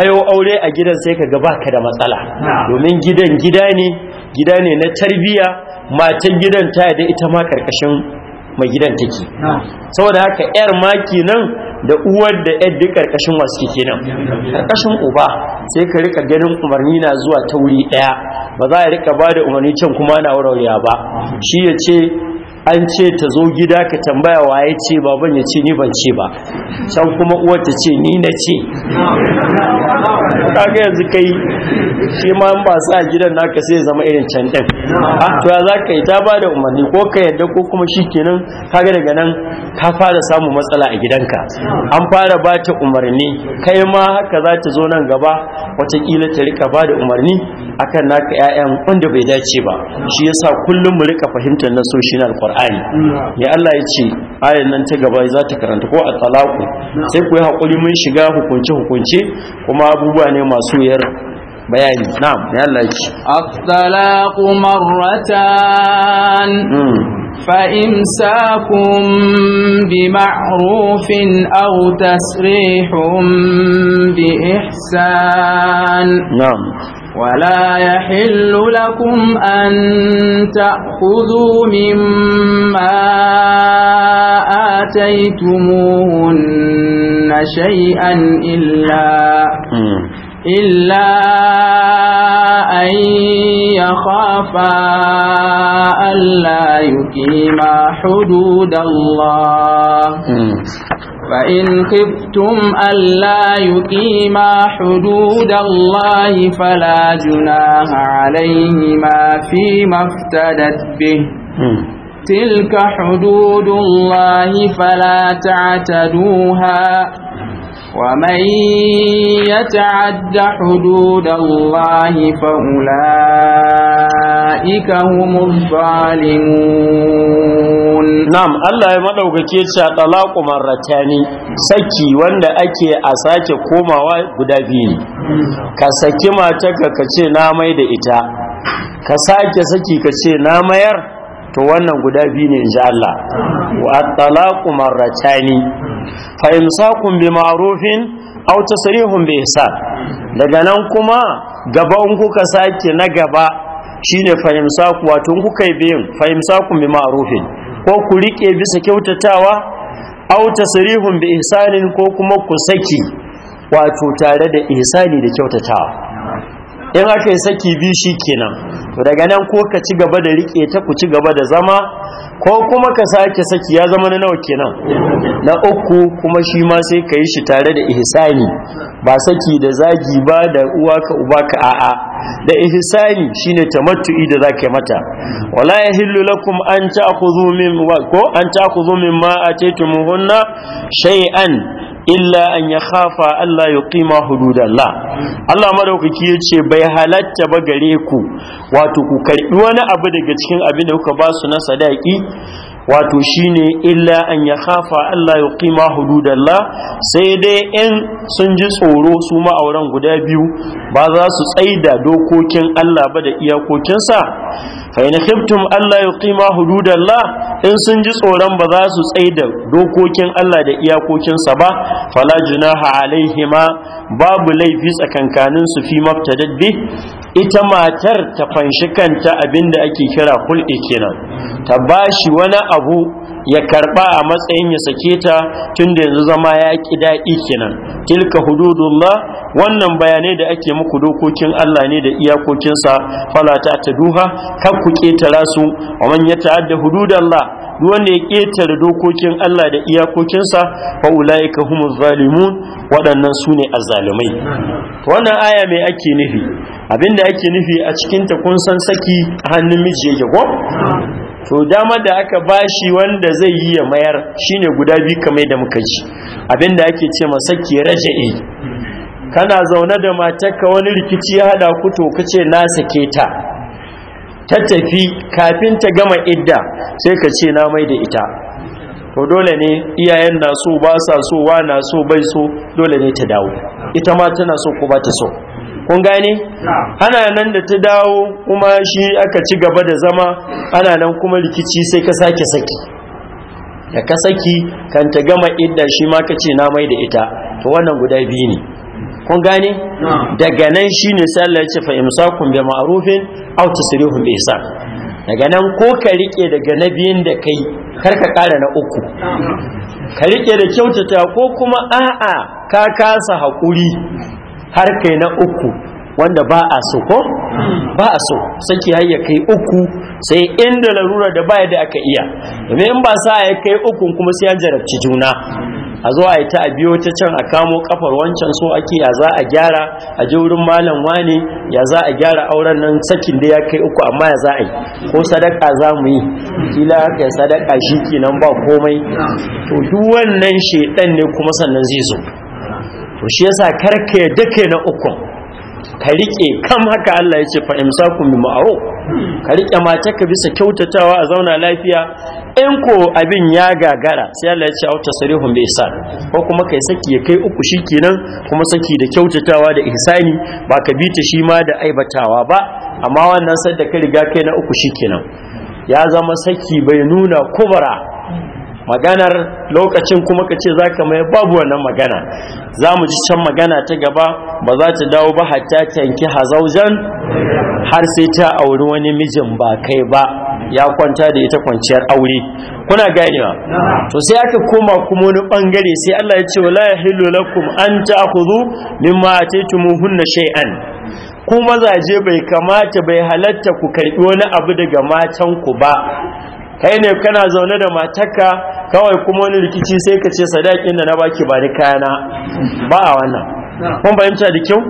kayo aure a gidan sai ka gaba ka da matsala domin gidan gida ne gida ne na tarbiya matan gidan ta da ita ma karkashin mai gidan take saboda haka yar maki nan da uwar da yadda duk karkashin wasu ke kenan karkashin uba sai ka rika ganin umarni na zuwa ta wuri daya ba za a rika ba da umarni can kuma na warauriya ba shi ya ce an ce ta zo gida ka tambaya waye ce baban ya ce ni ban ce ba can kuma uwar ta ce ni na ce kaga yanzu kai shi ma ba sa gidan naka sai zama irin can din ah, to ya zaka yi ta bada umarni ko ka yadda ko kuma shikenan kaga daga nan ka fara samu matsala a gidanka an fara ba ta umarni kai ma haka za ta zo nan gaba watakila ta rika ba da umarni akan naka ƴaƴan wanda bai dace ba shi yasa kullum mu rika fahimtar nasoshin alkur'ani Qur'ani mai Allah ya ce ayan nan ta gaba za ta karanta ko a talaqu sai ku yi haƙuri mun shiga hukunce-hukunce kuma abubuwa ne masu yar bayani na'am ne Allah ya ce at-talaqu marratan فإمساكم بمعروف أو تسريح بإحسان نعم ولا يحل لكم أن تأخذوا مما آتيتموهن شيئا إلا إلا أن يخافا ألا يقيما حدود الله فإن خفتم ألا يقيما حدود الله فلا جناح عليهما فيما افتدت به تلك حدود الله فلا تعتدوها ومن يتعد حدود الله فأولئك هم الظالمون نعم الله يمدعوك كيشا مرة تاني سكي واند أكي أساكي كوما وقدابين كسكي ما تكا كشي نامي دا إتا كساكي سكي كشي نامير to wannan guda biyu ne insha Allah wa at-talaqu marratani fa imsakun bi ma'rufin aw tasrihun bi ihsan daga nan kuma gaba in kuka sake na gaba shine fa imsaku wato in kuka bi biyin fa imsakun bi ma'rufin ko ku rike bisa kyautatawa aw tasrihun bi ihsanin ko kuma ku saki wato tare da ihsani da kyautatawa in aka yi saki biyu shi kenan daga nan ko ka ci gaba da rike ta ku ci gaba da zama ko kuma ka sake saki ya zama na nawa kenan na uku kuma shi ma sai ka yi shi tare da ihsani ba saki da zagi ba da uwa ka uba ka a'a da ihsani shine tamattu'i da zaka mata wala yahillu lakum an ta'khudhu min ko an ta'khudhu ma ataytumuhunna shay'an illa an ya khafa Allah ya qima hududallah Allah madaukaki yace bai halatta ba gare ku wato ku karbi wani abu daga cikin abin da kuka ba su na sadaki wato shine illa an ya khafa Allah ya qima hududallah sai dai in sun ji tsoro su ma auren guda biyu ba za su tsaida dokokin Allah ba da iyakokinsa fa in khiftum Allah ya qima hududallah in sun ji tsoron ba za su tsaye da dokokin Allah da iyakokinsa ba fala junaha alaihima babu laifi tsakankanin su fi maftadaddi ita matar ta fanshi kanta abinda ake kira kulikinan kenan ta bashi wani abu ya karba a matsayin ya sake ta tun da yanzu zama ya ki daɗi kenan tilka hududullah wannan bayanai da ake muku dokokin Allah ne da iyakokinsa fala ta ta duha kar ku ketara su wa man yata'adda hududallah duk wanda ya ketare dokokin Allah da iyakokinsa fa ulaika humuz zalimun waɗannan su ne azzalumai wannan aya mai ake nufi abinda ake nufi a cikin ta kun san saki a hannun miji yake ko to damar da aka bashi wanda zai yi ya mayar shine guda biyu kamar da muka ji abinda ake ce ki raja'i kana zaune da matarka wani rikici ya hada ku to kace na sake ta ta tafi kafin ta gama idda sai ka ce na mai da ita to dole ne iyayen na so ba sa so wa na so bai so dole ne ta dawo ita ma tana so ko ba ta so kun gane ana nan da ta dawo kuma shi aka ci gaba da zama ana nan kuma rikici sai ka sake saki da ka saki kan ta gama idda shi ma ka ce na mai da ita to wannan guda biyu ne kun gane daga nan shine sai Allah ya ce fa imsakum bi ma'rufin aw tasrihun bi ihsan daga nan ko ka rike daga na biyun da kai kar ka kara na uku ka rike da kyautata ko kuma a'a ka kasa hakuri har kai na uku wanda ba a so ko ba a so har ya kai uku sai inda larura da baya da aka iya domin in ba sa ya kai uku kuma sai an jarabci juna a zo a yi ta a biyo ta can a kamo kafar wancan so ake ya za a gyara a je wurin malam wani ya za a gyara auren nan sakin da ya kai uku amma ya za a yi ko sadaka za mu yi kila ya sadaka shi kenan ba komai to duk wannan shedan ne kuma sannan zai zo to shi yasa karka yadda ke na ukun ka rike kam haka Allah ya ce fa imsaku bi ma'ruf ka rike mata ka bisa kyautatawa a zauna lafiya in ko abin ya gagara sai Allah ya ce auta sarihun bi ihsan ko kuma kai saki ya kai uku shikenan kuma saki da kyautatawa da ihsani ba ka bita shi ma da aibatawa ba amma wannan da ka riga kai na uku shikenan ya zama saki bai nuna kubra maganar lokacin kuma ka ce za ka mai babu wannan magana za mu ji can magana ta gaba ba za ta dawo ba hatta tanki hazaujan har sai ta auri wani mijin ba kai ba ya kwanta da ita kwanciyar aure kuna ganewa to sai aka koma kuma wani bangare sai Allah ya ce wala yahillu lakum an ta'khudhu mimma ataytumuhunna shay'an ku mazaje bai kamata bai halatta ku karbi wani abu daga matan ku ba kai ne kana zaune da matarka kawai kuma wani rikici sai ka ce sadakin da na baki ba ni kayana ba a wannan kun fahimta da kyau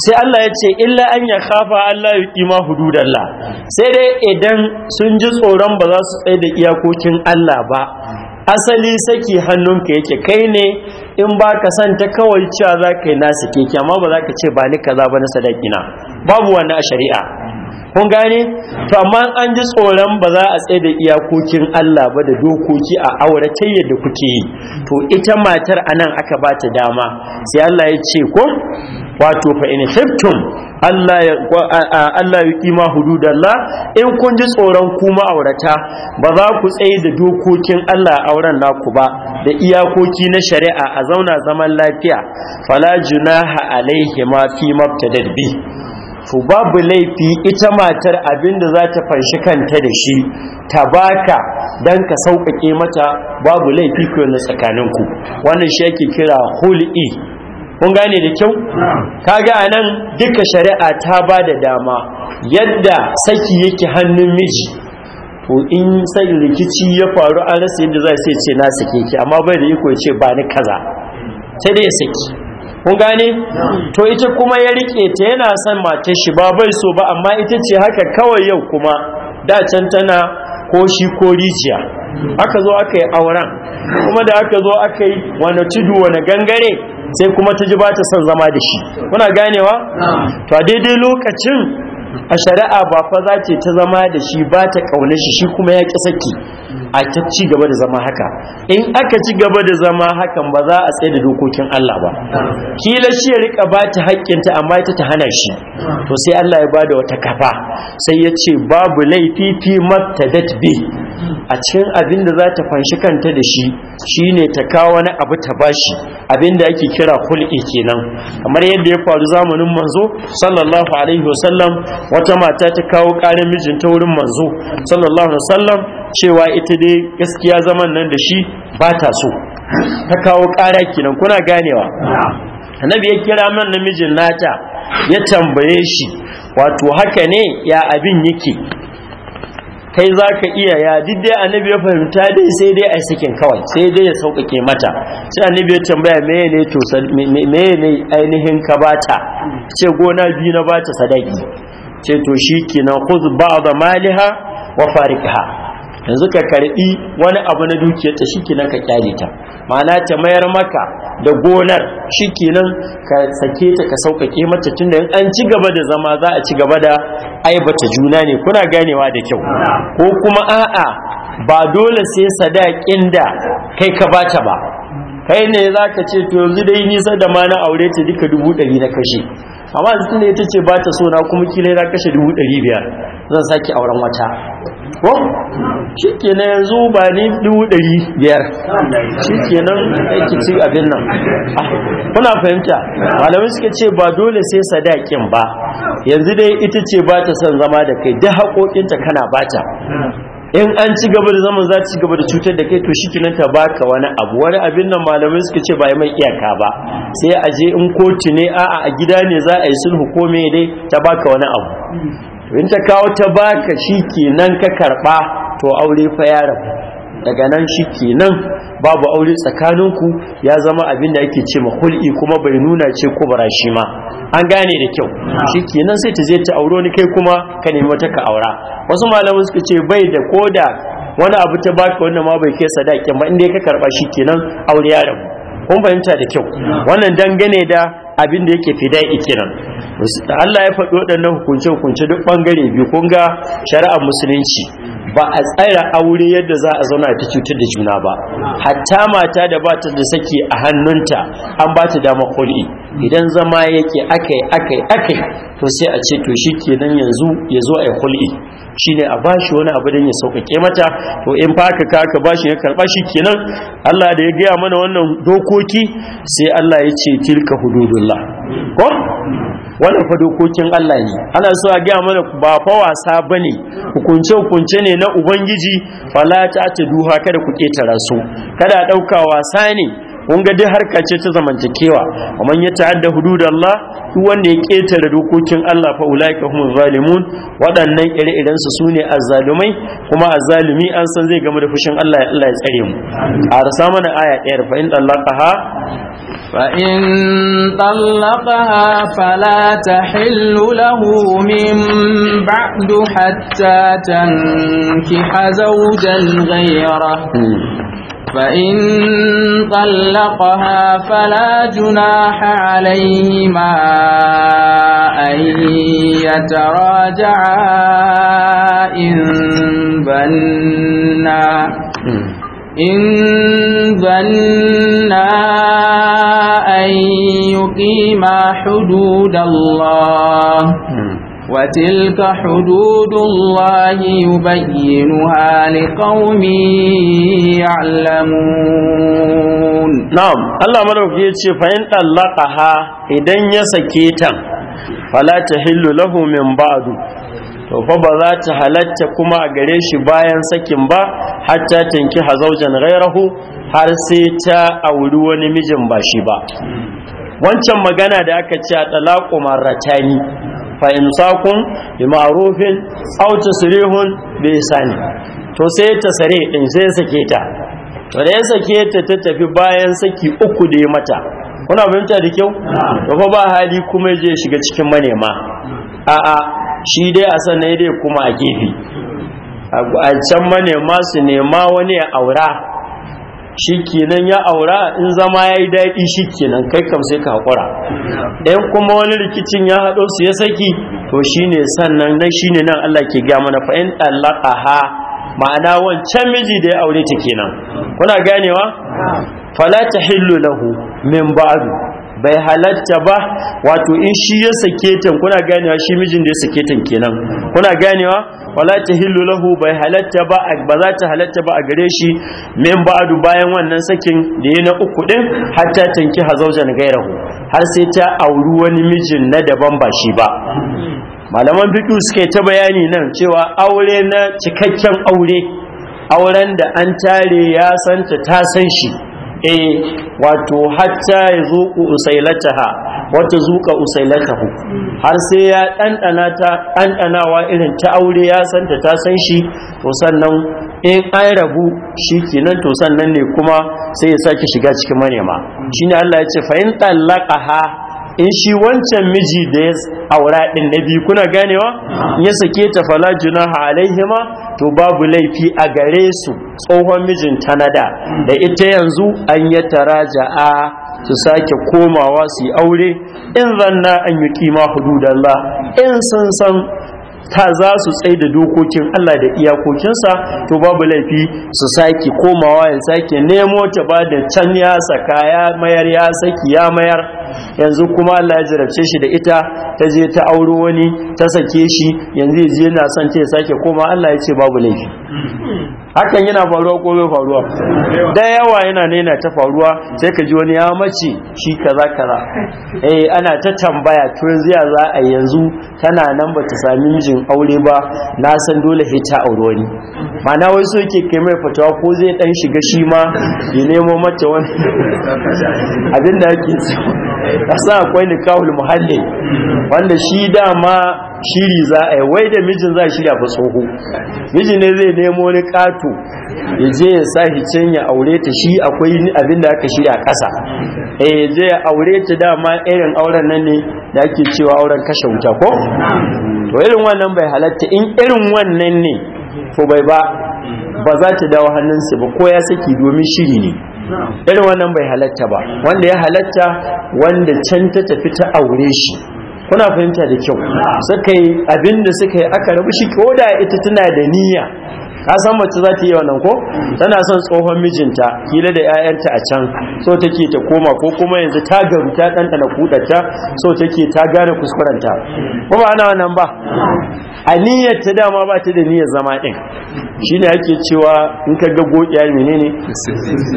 sai Allah ya ce illa an ya kafa Allah ya kima hududallah sai dai idan sun ji tsoron ba za su tsaye da iyakokin Allah ba asali saki hannunka yake kai ne in ba ka santa kawai cewa za ka yi nasu keke amma ba za ka ce ba ni kaza ba na sadakina babu wani a shari'a kun gane to amma an ji tsoron ba za a tsaye da iyakokin Allah ba da dokoki a auratayya da kuke yi to ita matar anan aka ba ta dama sai Allah ya ce ko wato fa in khiftum Allah ya Allah ya kima hududallah in kun ji tsoron ku ma'aurata ba za ku tsaye da dokokin Allah auren naku ba da iyakoki na shari'a a zauna zaman lafiya fala junaha alaihi ma fi mabtadad bi to babu laifi ita matar abinda za ta fanshi kanta da shi ta baka don ka sauƙaƙe mata babu laifi ku yana tsakaninku wannan shi yake kira hul'i kun gane da kyau kaga a nan duka shari'a ta ba da dama yadda saki yake hannun miji to in sai rikici ya faru an rasa yadda za sai ce na sake ki amma bai da iko ya ce ba ni kaza sai dai ya saki kun gane to ita kuma ya rike ta yana son matar shi ba bai so ba amma ita ce haka kawai yau kuma da can tana ko shi ko rijiya aka zo aka yi auren kuma da aka zo aka yi wani tudu wani gangare sai kuma ta ji ba ta son zama da shi kuna ganewa to a daidai lokacin a shari'a ba fa za ce ta zama da shi ba ta ƙaunar shi shi kuma ya ƙi saki a ta ci gaba da zama haka in aka ci gaba da zama hakan ba za a tsaye da dokokin Allah ba kila shi ya rika ba ta haƙƙinta amma ita ta hana shi to sai Allah ya ba da wata kafa sai ya ce babu laifi fi mabtadat bi a cikin abin da za ta fanshi kanta da shi shi ne ta kawo wani abu ta bashi abin da ake kira kul'i kenan kamar yadda ya faru zamanin manzo sallallahu alaihi wasallam wata mata ta kawo ƙarin mijinta wurin manzo sallallahu alaihi wasallam cewa ita dai gaskiya zaman nan da shi ba ta so ta kawo ƙara kenan kuna ganewa annabi ya kira man namijin nata ya tambaye shi wato haka ne ya abin yake kai za ka iya ya Duk dai annabi ya fahimta dai sai dai a sakin kawai sai dai ya sauƙaƙe mata sai annabi ya tambaya meye ne to meye ne ainihin ka bata ce gona biyu na bata sadaki ce to shi kenan khudh ba'd maliha wa farikha yanzu ka karbi wani abu na dukiyar ta shikenan ka kyale ta ma'ana ta mayar maka da gonar shikenan ka sake ta ka sauƙaƙe mata tunda in an ci gaba da zama za a ci gaba da aibata juna ne kuna ganewa da kyau ko kuma a'a ba dole sai sadakin da kai ka bata ba kai ne za ka ce to yanzu dai nisa da ma na aure ta duka dubu ɗari na kashe amma yanzu ne ta ce ba ta so na kuma kila ya kashe dubu ɗari biyar zan sake auren wata ko shi na yanzu ba ni dubu ɗari biyar shi aiki abin nan ah, kuna fahimta malamai suka ce ba dole sai sadakin ba yanzu dai ita ce ba ta son zama da kai da haƙoƙinta kana bata in an ci gaba da zaman za ci gaba da cutar da kai to shi kinan ta baka wani abu wani abin nan malamai suka ce ba mai iyaka ba sai a je in kotu ne a'a a gida ne za a yi sulhu ko me dai ta baka wani abu in ta kawo ta baka shi kenan ka karba to aure fa ya rabu daga nan shi kenan babu aure tsakaninku ya zama abin da yake ce hulɗi kuma bai nuna ce kubara shi ma an gane da kyau shi kenan sai ta je ta auro ni kai kuma ka nemi wata ka aura wasu malamai suka ce bai da koda wani abu ta baka wannan ma bai kai sadakin ba inda ka karba shi kenan aure ya rabu kun fahimta da kyau wannan dangane da abin da yake fida'i kenan Allah ya faɗi waɗannan hukunce-hukunce duk ɓangare biyu kun ga shari'ar musulunci ba a tsara aure yadda za a zauna ta cutar da juna ba hatta mata da ba ta da saki a hannunta an ba ta dama kul'i idan zama yake akai akai akai to sai a ce to shi kenan yanzu ya zo a yi kul'i shine a bashi wani abu dan ya sauƙaƙe mata to in faka ka ka bashi ya karɓa shi kenan Allah da ya gaya mana wannan dokoki sai Allah ya ce tilka hududullah ko wannan fa dokokin Allah ne ana so a gaya mana ba fa wasa bane hukunce hukunce ne na ubangiji fala ta ta duha kada ku ketara su kada dauka wasa ne kun ga dai harka ce ta zamantakewa amma ya ta'adda Allah, duk wanda ya ketare dokokin Allah fa ulaika humu zalimun waɗannan ire-iren su sune azzalumai kuma azzalumi an san zai gamu da fushin Allah ya Allah ya tsare mu a rasa mana aya ɗaya fa in talaqaha fa in talaqaha fala tahillu lahu min ba'du hatta tankiha zawjan ghayra hmm. فإن طلقها فلا جناح عليهما أن يتراجعا إن ظنا إن ظنا أن يقيما حدود الله وتلك حدود الله يبينها لقوم يعلمون نعم الله ملوك يتشي فإن طلقها إذن يسكيتا فلا تحل له من بعد to fa ba za ta halatta kuma a gare shi bayan sakin ba hatta tanki hazaujan rairahu, har sai ta auri wani mijin ba shi ba wancan magana da aka ce a ta yi. fa imsakun bi ma'rufin aw tasrihun bi isani to sai ta sare ɗin sai sake ta to da ya sake ta ta tafi bayan saki uku da ya mata kuna fahimta da kyau to ba hali kuma ya je shiga cikin manema a'a shi dai a sanai dai kuma a gefe a can manema su nema wani ya aura shi kenan ya aura in zama ya yi daɗi shi kenan kai kam sai ka haƙura ɗan kuma wani rikicin ya haɗo su ya saki to shi ne sannan na shi ne nan Allah ke gaya mana fa'in ɗallaka ha ma'ana wancan miji da ya aure ta kenan kuna ganewa fala ta hillu lahu min ba'adu. bai halatta ba wato in shi ya sake tan kuna ganewa shi mijin da ya sake tan kenan kuna ganewa wala tahillu lahu bai halatta ba ba za ta halatta ba a gare shi min ba'du bayan wannan sakin da ya na uku din hatta tanki hazaujan gairahu har sai ta auri wani mijin na daban ba shi ba malaman fiqh suke ta bayani nan cewa aure na cikakken aure auren da an tare ya santa ta san shi eh wato hatta ya zuku usailataha wata zuka usailatahu har sai ya ɗanɗana ta ɗanɗanawa irin ta aure ya santa ta san shi to sannan in an rabu shi kenan to sannan ne kuma sai ya sake shiga cikin manema shine Allah ya ce fa in talaqaha in shi wancan miji da ya aura din na biyu kuna ganewa in ya sake ta fala junaha alaihima to babu laifi a gare su tsohon mijin tanada da ita yanzu an yi raja'a su sake komawa su yi aure in zanna an yi kima ba in sun san ta za su tsaye da dokokin Allah da iyakokinsa to babu laifi su sake komawa ya sake nemo ta ba da can ya saka ya mayar ya saki ya mayar yanzu kuma Allah ya jarabce shi da ita ta je ta auro wani ta sake shi yanzu ya je yana son ta sake koma Allah ya ce babu laifi hakan yana faruwa ko bai faruwa da yawa yana ne yana ta faruwa sai ka ji wani ya mace shi kaza kaza eh ana ta tambaya to yanzu ya za a yanzu tana nan ba ta sami mijin aure ba na san dole sai ta aure wani ma'ana wai so yake kai mai fatawa ko zai dan shiga shi ma ya nemo mata wani abinda yake so a sa akwai nikahul muhalli wanda shi dama shiri za a yi wai da mijin za a shirya fa tsoho mijin ne zai nemo wani kato ya je ya sa can ya aure ta shi akwai abin da aka shirya kasa eh ya je ya aure ta dama irin auren nan ne da ake cewa auren kashe wuta ko to irin wannan bai halatta in irin wannan ne to bai ba ba za ta dawo hannunsa ba ko ya saki domin shiri ne irin wannan bai halatta ba wanda ya halatta wanda can ta tafi ta aure shi kuna fahimta da kyau suka yi abinda suka yi aka rabu shi ko da ita tana da niyya ka san mace za ta yi wannan ko tana son tsohon mijinta kila da 'ya'yanta a can so take ta koma ko kuma yanzu ta garu ta ɗanɗana kudarta so take ta gane kuskurenta ko ba ana wannan ba a niyyar ta dama ba ta da niyyar zama ɗin shi ne ake cewa in ka ga goƙiya menene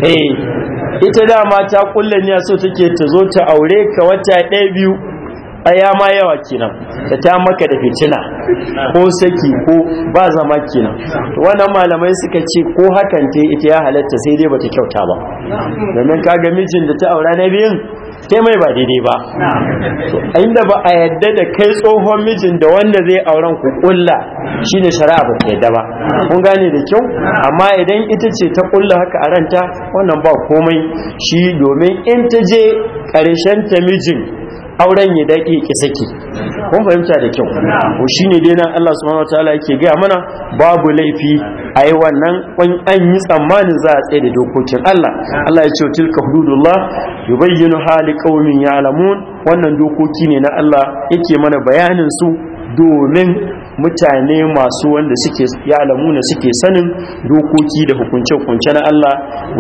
eh ita dama ta kulla so take ta zo ta aure ka wata ɗaya biyu tsaya ma yawa kenan da ta maka da fitina ko saki ko ba zama kenan to wannan malamai suka ce ko hakan ta ita ya halatta sai dai bata kyauta ba domin kaga mijin da ta aura na biyun sai mai ba daidai ba to inda ba a yadda da kai tsohon mijin da wanda zai auren ku kulla shine shari'a ba ta yadda ba kun gane da kyau amma idan ita ce ta kulla haka a ranta wannan ba komai shi domin in ta je karshen ta mijin auren ya daƙe ki saki kun fahimta da kyau ko shine dai nan Allah subhanahu wataala yake gaya mana babu laifi a yi wannan an yi tsammanin za a tsaye da dokokin Allah Allah ya ce tilka hududullah yubayyinu hali qaumin ya'lamun wannan dokoki ne na Allah yake mana bayanin su domin mutane masu wanda suke na suke sanin dokoki da hukunce-hukunce na Allah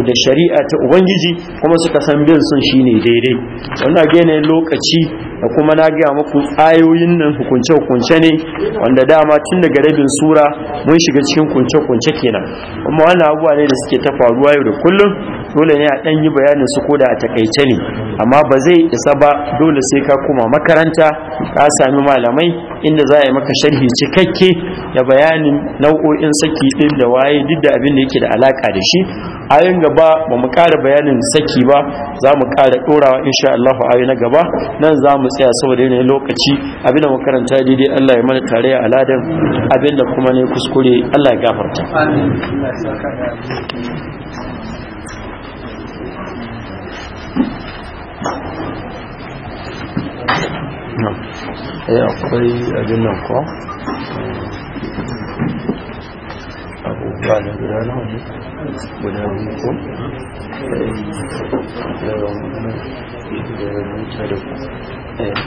da shari'a ta ubangiji kuma suka san bin sun shine daidai wanda ga yanayin lokaci da kuma na gaya muku ayoyin nan hukunce-hukunce ne wanda dama tun daga rabin sura mun shiga cikin hukunce-hukunce kenan kuma wannan abuwa ne da suke ta faruwa yau da kullum dole ne a ɗan yi bayanin su koda a takaice ne amma ba zai isa ba dole sai ka kuma makaranta ka sami malamai inda za a yi maka sharhi cikakke da bayanin nau'o'in saki ɗin da waye duk da abin da yake da alaka da shi A yin gaba ba mu ƙara bayanin saki ba za mu ƙara ɗorawa insha Allah a na gaba nan za mu tsaya saboda yanayin lokaci abin da makaranta daidai Allah ya mana tare a ladan abin da kuma ne kuskure Allah ya gafarta. eh akwai abin nan ko abubuwa na guda na wani guda wani eh, da yawan da eh.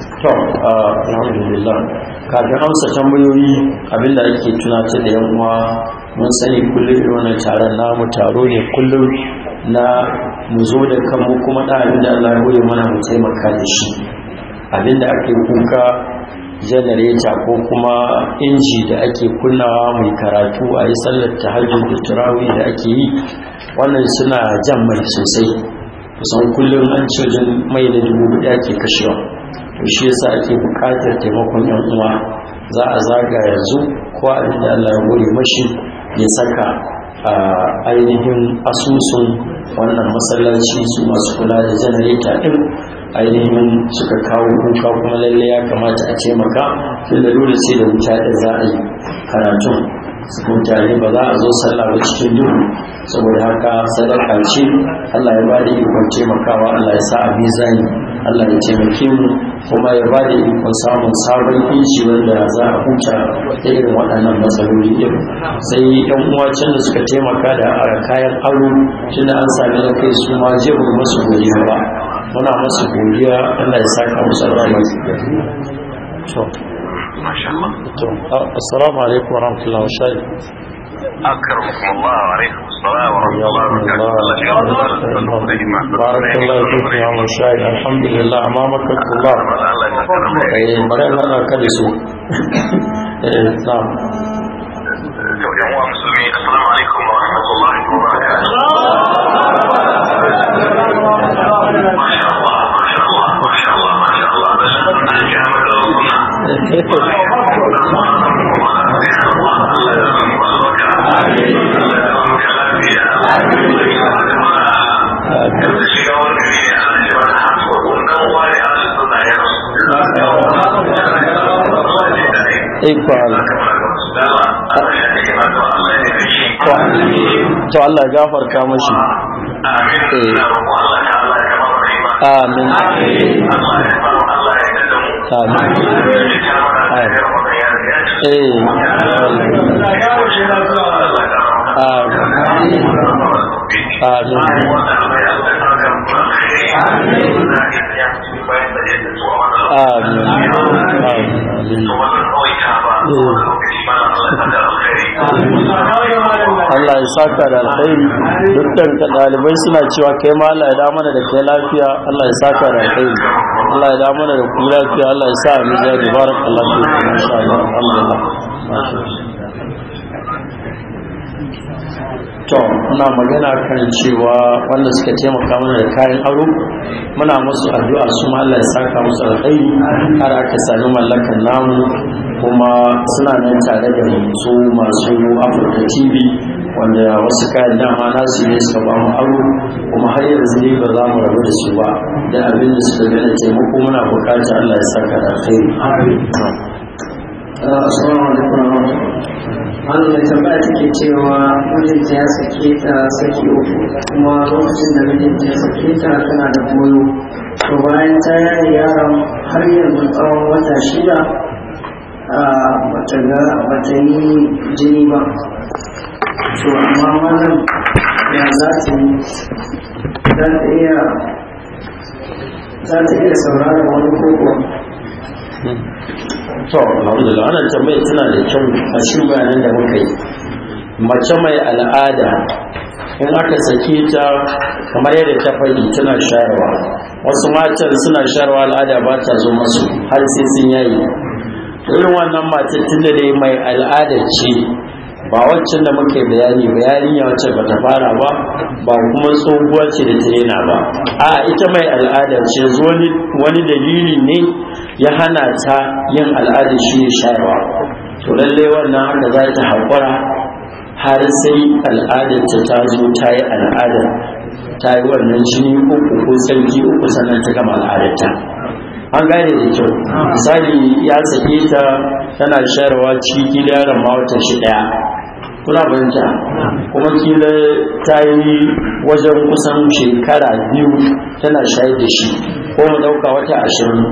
to uh, alhamdulillah kafin amsa tambayoyi abinda ake tunatar da yan uwa mun sani kullum irin wannan taron namu taro ne kullum na mu zo da kanmu kuma da abinda Allah ya mana mu taimaka da shi abinda ake kuka janareta ko kuma inji da ake kunnawa mai karatu a yi sallar tahajjud da turawi da ake yi wannan suna jan mai sosai kusan kullum an ce mai da dubu da ake kashewa to shi yasa ake bukatar taimakon yan uwa za a zaga yanzu ko abin da Allah ya gode mashi ya saka a ainihin asusun wannan masallaci su masu kula da janareta din ainihin suka kawo kuka kuma lalle ya kamata a taimaka tun da dole sai da wuta da za a yi karatun mutane ba za a zo sallah ba cikin duhu saboda haka sadaka ce Allah ya ba da ikon taimakawa Allah ya sa a mizani Allah ya taimake mu kuma ya ba da ikon samun sabon inci wanda za a huta da irin waɗannan matsaloli ɗin sai yan uwa can da suka taimaka da kayan aro tunda an sami na kai su ma je mu musu godiya ba muna masu godiya Allah ya saka musu albarka ما شاء الله آه، السلام عليكم ورحمة الله وبركاته أكرمكم الله وعليكم السلام ورحمة الله وبركاته بارك الله فيك يا مشاهد الحمد لله أمامك الله بارك الله كرسو إيه، إيه، نعم جمهور المسلمين السلام عليكم to Allah gafarka mashi eh. amin Allah ya saka da alkhairi dukkan ɗalibai suna cewa kai ma Allah ya da mana da kai lafiya Allah ya saka da alkhairi Allah ya damu da ku lafiya Allah ya sa a Allah barakallahu fiikum insha Allah alhamdulillah to muna magana kan cewa wanda suka taimaka mana da kayan aro muna musu addu'a su ma Allah ya saka musu alkhairi har aka sami mallakan namu kuma suna nan tare da mu masu Afirka TV wanda wasu kayan dama nasu ne suka ba mu aro kuma har yanzu ne ba za mu rabu da su ba da abin da suka gane taimako muna bukata Allah ya saka da alkhairi uh, assalamu alaikum wannan mai tambaya ke cewa mijinta ya sake ta saki uku kuma lokacin da mijinta ya sake ta tana da goyo to bayan ta yaye yaron har yanzu tsawon wata shida bata ga bata yi jini ba to amma malam ya za ta yi za ta iya za ta wani kokowa to alhamdulillah wannan tambayar tana da kyau a shi bayanan da muka yi mace mai al'ada in aka sake ta kamar yadda ta faɗi tana shayarwa wasu matan suna shayarwa al'ada ba ta zo masu har sai sun yayi irin wannan matar tunda dai mai al'adar ce ba waccan da muke bayani bayani ya wacce ba ta fara ba ba kuma tsohuwa ce da ta yana ba a ita mai al'ada ce wani dalili ne ya hana ta yin al'adar shi ne shayarwa to lallai wannan haka za ta haƙura har sai al'adar ta ta zo ta yi al'ada ta yi wannan jini uku ko sarki uku sannan ta gama ta. an gane da kyau misali ya sake ta tana shayarwa ciki yaron ma shi daya kuna fahimta kuma kila ta yi wajen kusan shekara biyu tana shayar da shi ko mu dauka wata ashirin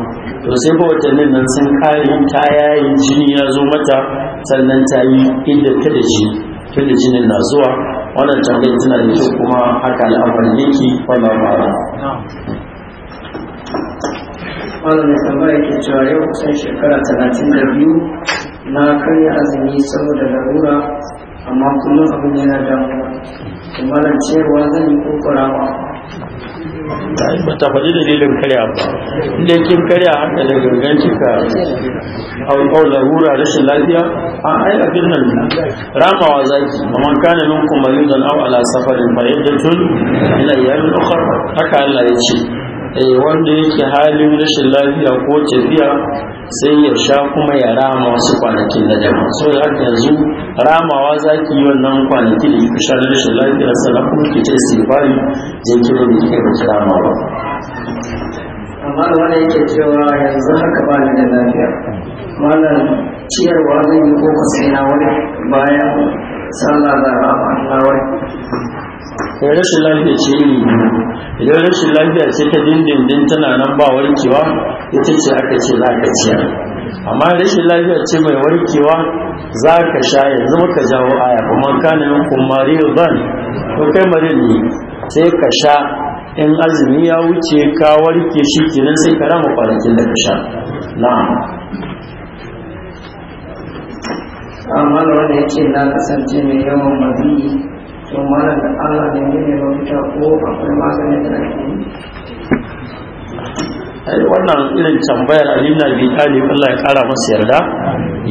to sai ba watannin nan sun kare ta yayi jini ya zo mata sannan ta yi inda ta da shi tun da jinin na zuwa wannan tambayar tana da kyau kuma haka al'amarin yake wannan mara wanda mai tambaya ke cewa yau kusan shekara talatin da biyu na karya azumi saboda larura amma kullum abin yana damuwa kuma da cewa zan yi kokurawa ba ta faɗi dalilin karya ba inda kin karya haka da gangan kika au larura rashin lafiya a ai abin nan ramawa zaki man kana minkum zan aw ala safarin fa iddatun ila yalin ukhra haka Allah ya ce Eh, wanda yake halin rashin lafiya ko tafiya sai ya sha kuma ya rama wasu kwanaki na jama'a so ya haka yanzu ramawa za ki yi wannan kwanaki da ku sha rashin lafiya sannan kuma ki ta istighfari je ki ne kika ba ki rama ba amma da wanda yake cewa yanzu haka ba ni da lafiya malam ciyarwa zan yi ko sai na wani bayan sallah da rama na wani rashin lafiya ce iri biyu idan rashin lafiya ce ta dindindin tana nan ba warkewa ita ce aka ce za ka ciya amma rashin lafiya ce mai warkewa za ka sha yanzu muka jawo aya kuma kana min kumari zan ko kai mare ne sai ka sha in azumi ya wuce ka warke shi kenan sai ka rama kwanakin da ka sha na'am amma wani wanda yake na kasance mai yawan mabiyi don da ne ne ko maganin wannan irin tambayar alimna bi talib Allah ya kara masa yarda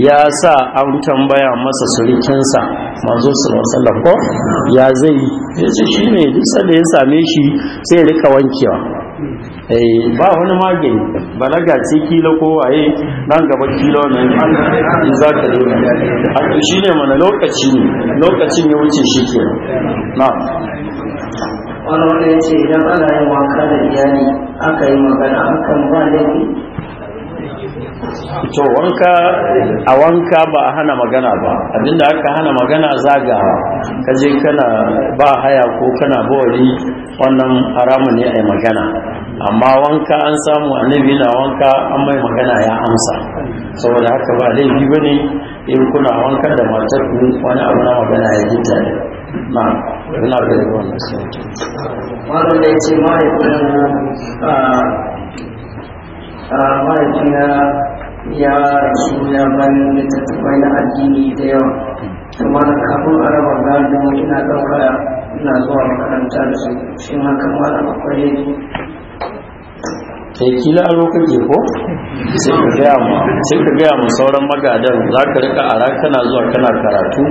ya sa an tambaya masa surikinsa manzo sallallahu ko ya zai shi ne duk sanda ya same shi sai ya rika wankewa Eh. ba wani magani balaga ce kila ko waye nan gaba kila ne in za ka yi a shi ne mana lokaci ne lokacin ya wuce shi ke na wani wani ya ce idan ana yin wanka da iyali aka yi magana akan ba laifi to wanka a wanka ba a hana magana ba abinda aka hana magana zaga ka je kana ba haya ko kana bawali wannan haramu ne a magana amma wanka an samu annabi na wanka an mai magana ya amsa saboda haka ba laifi ba ne in kuna wanka da matar ku wani abu na magana ya gita ne na ina ga da wannan sai wannan da yace mai kuma a ah, ah, mai kuma ya suna bayan da tattabai na addini da yawa amma da kafin araba gado ina ɗaukar ina zuwa makaranta da su shi ma kamar a akwai ta yi kila a lokaci ko sai ka gaya mu sai ka gaya mu sauran magadan za ka rika ara kana zuwa kana karatu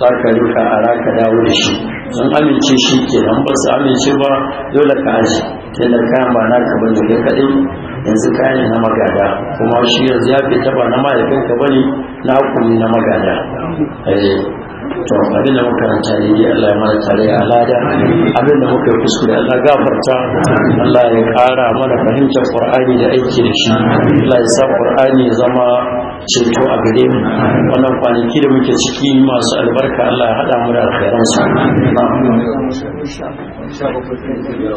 za ka rika ara ka dawo da shi sun amince shi ke nan ba su amince ba dole ka aji sai da kayan ba naka bane kai kaɗai yanzu kayan na magada kuma shi yanzu ya fi taba na mahaifin bane na hukumi na magada eh. to abin da muka ranta ne ya Allah ya mana tare a lada abin da muka kuskure Allah gafarta Allah ya kara mana fahimtar Qur'ani da aiki da shi Allah ya sa Qur'ani zama ceto a gare mu wannan kwanaki da muke ciki masu albarka Allah ya hada mu da alkhairan su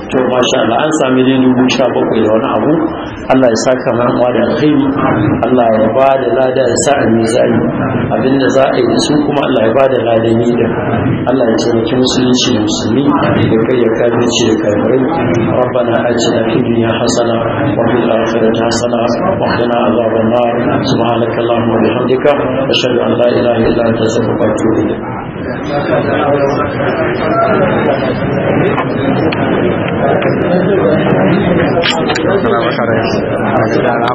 to masha Allah an sami ne dubu sha bakwai da wani abu Allah ya sa kamar wa da alkhairi Allah ya ba da lada ya sa a mizani abinda za a yi su kuma Allah ya ba da ladan yi da Allah ya taimaki musulunci da musulmi da kai ya kafirci da kafirai rabbana atina fid dunya hasana wa fil akhirati hasana wa qina adhaban nar subhanaka allahumma wa bihamdika ashhadu an la ilaha illa anta astaghfiruka wa atubu ilayk Gracias.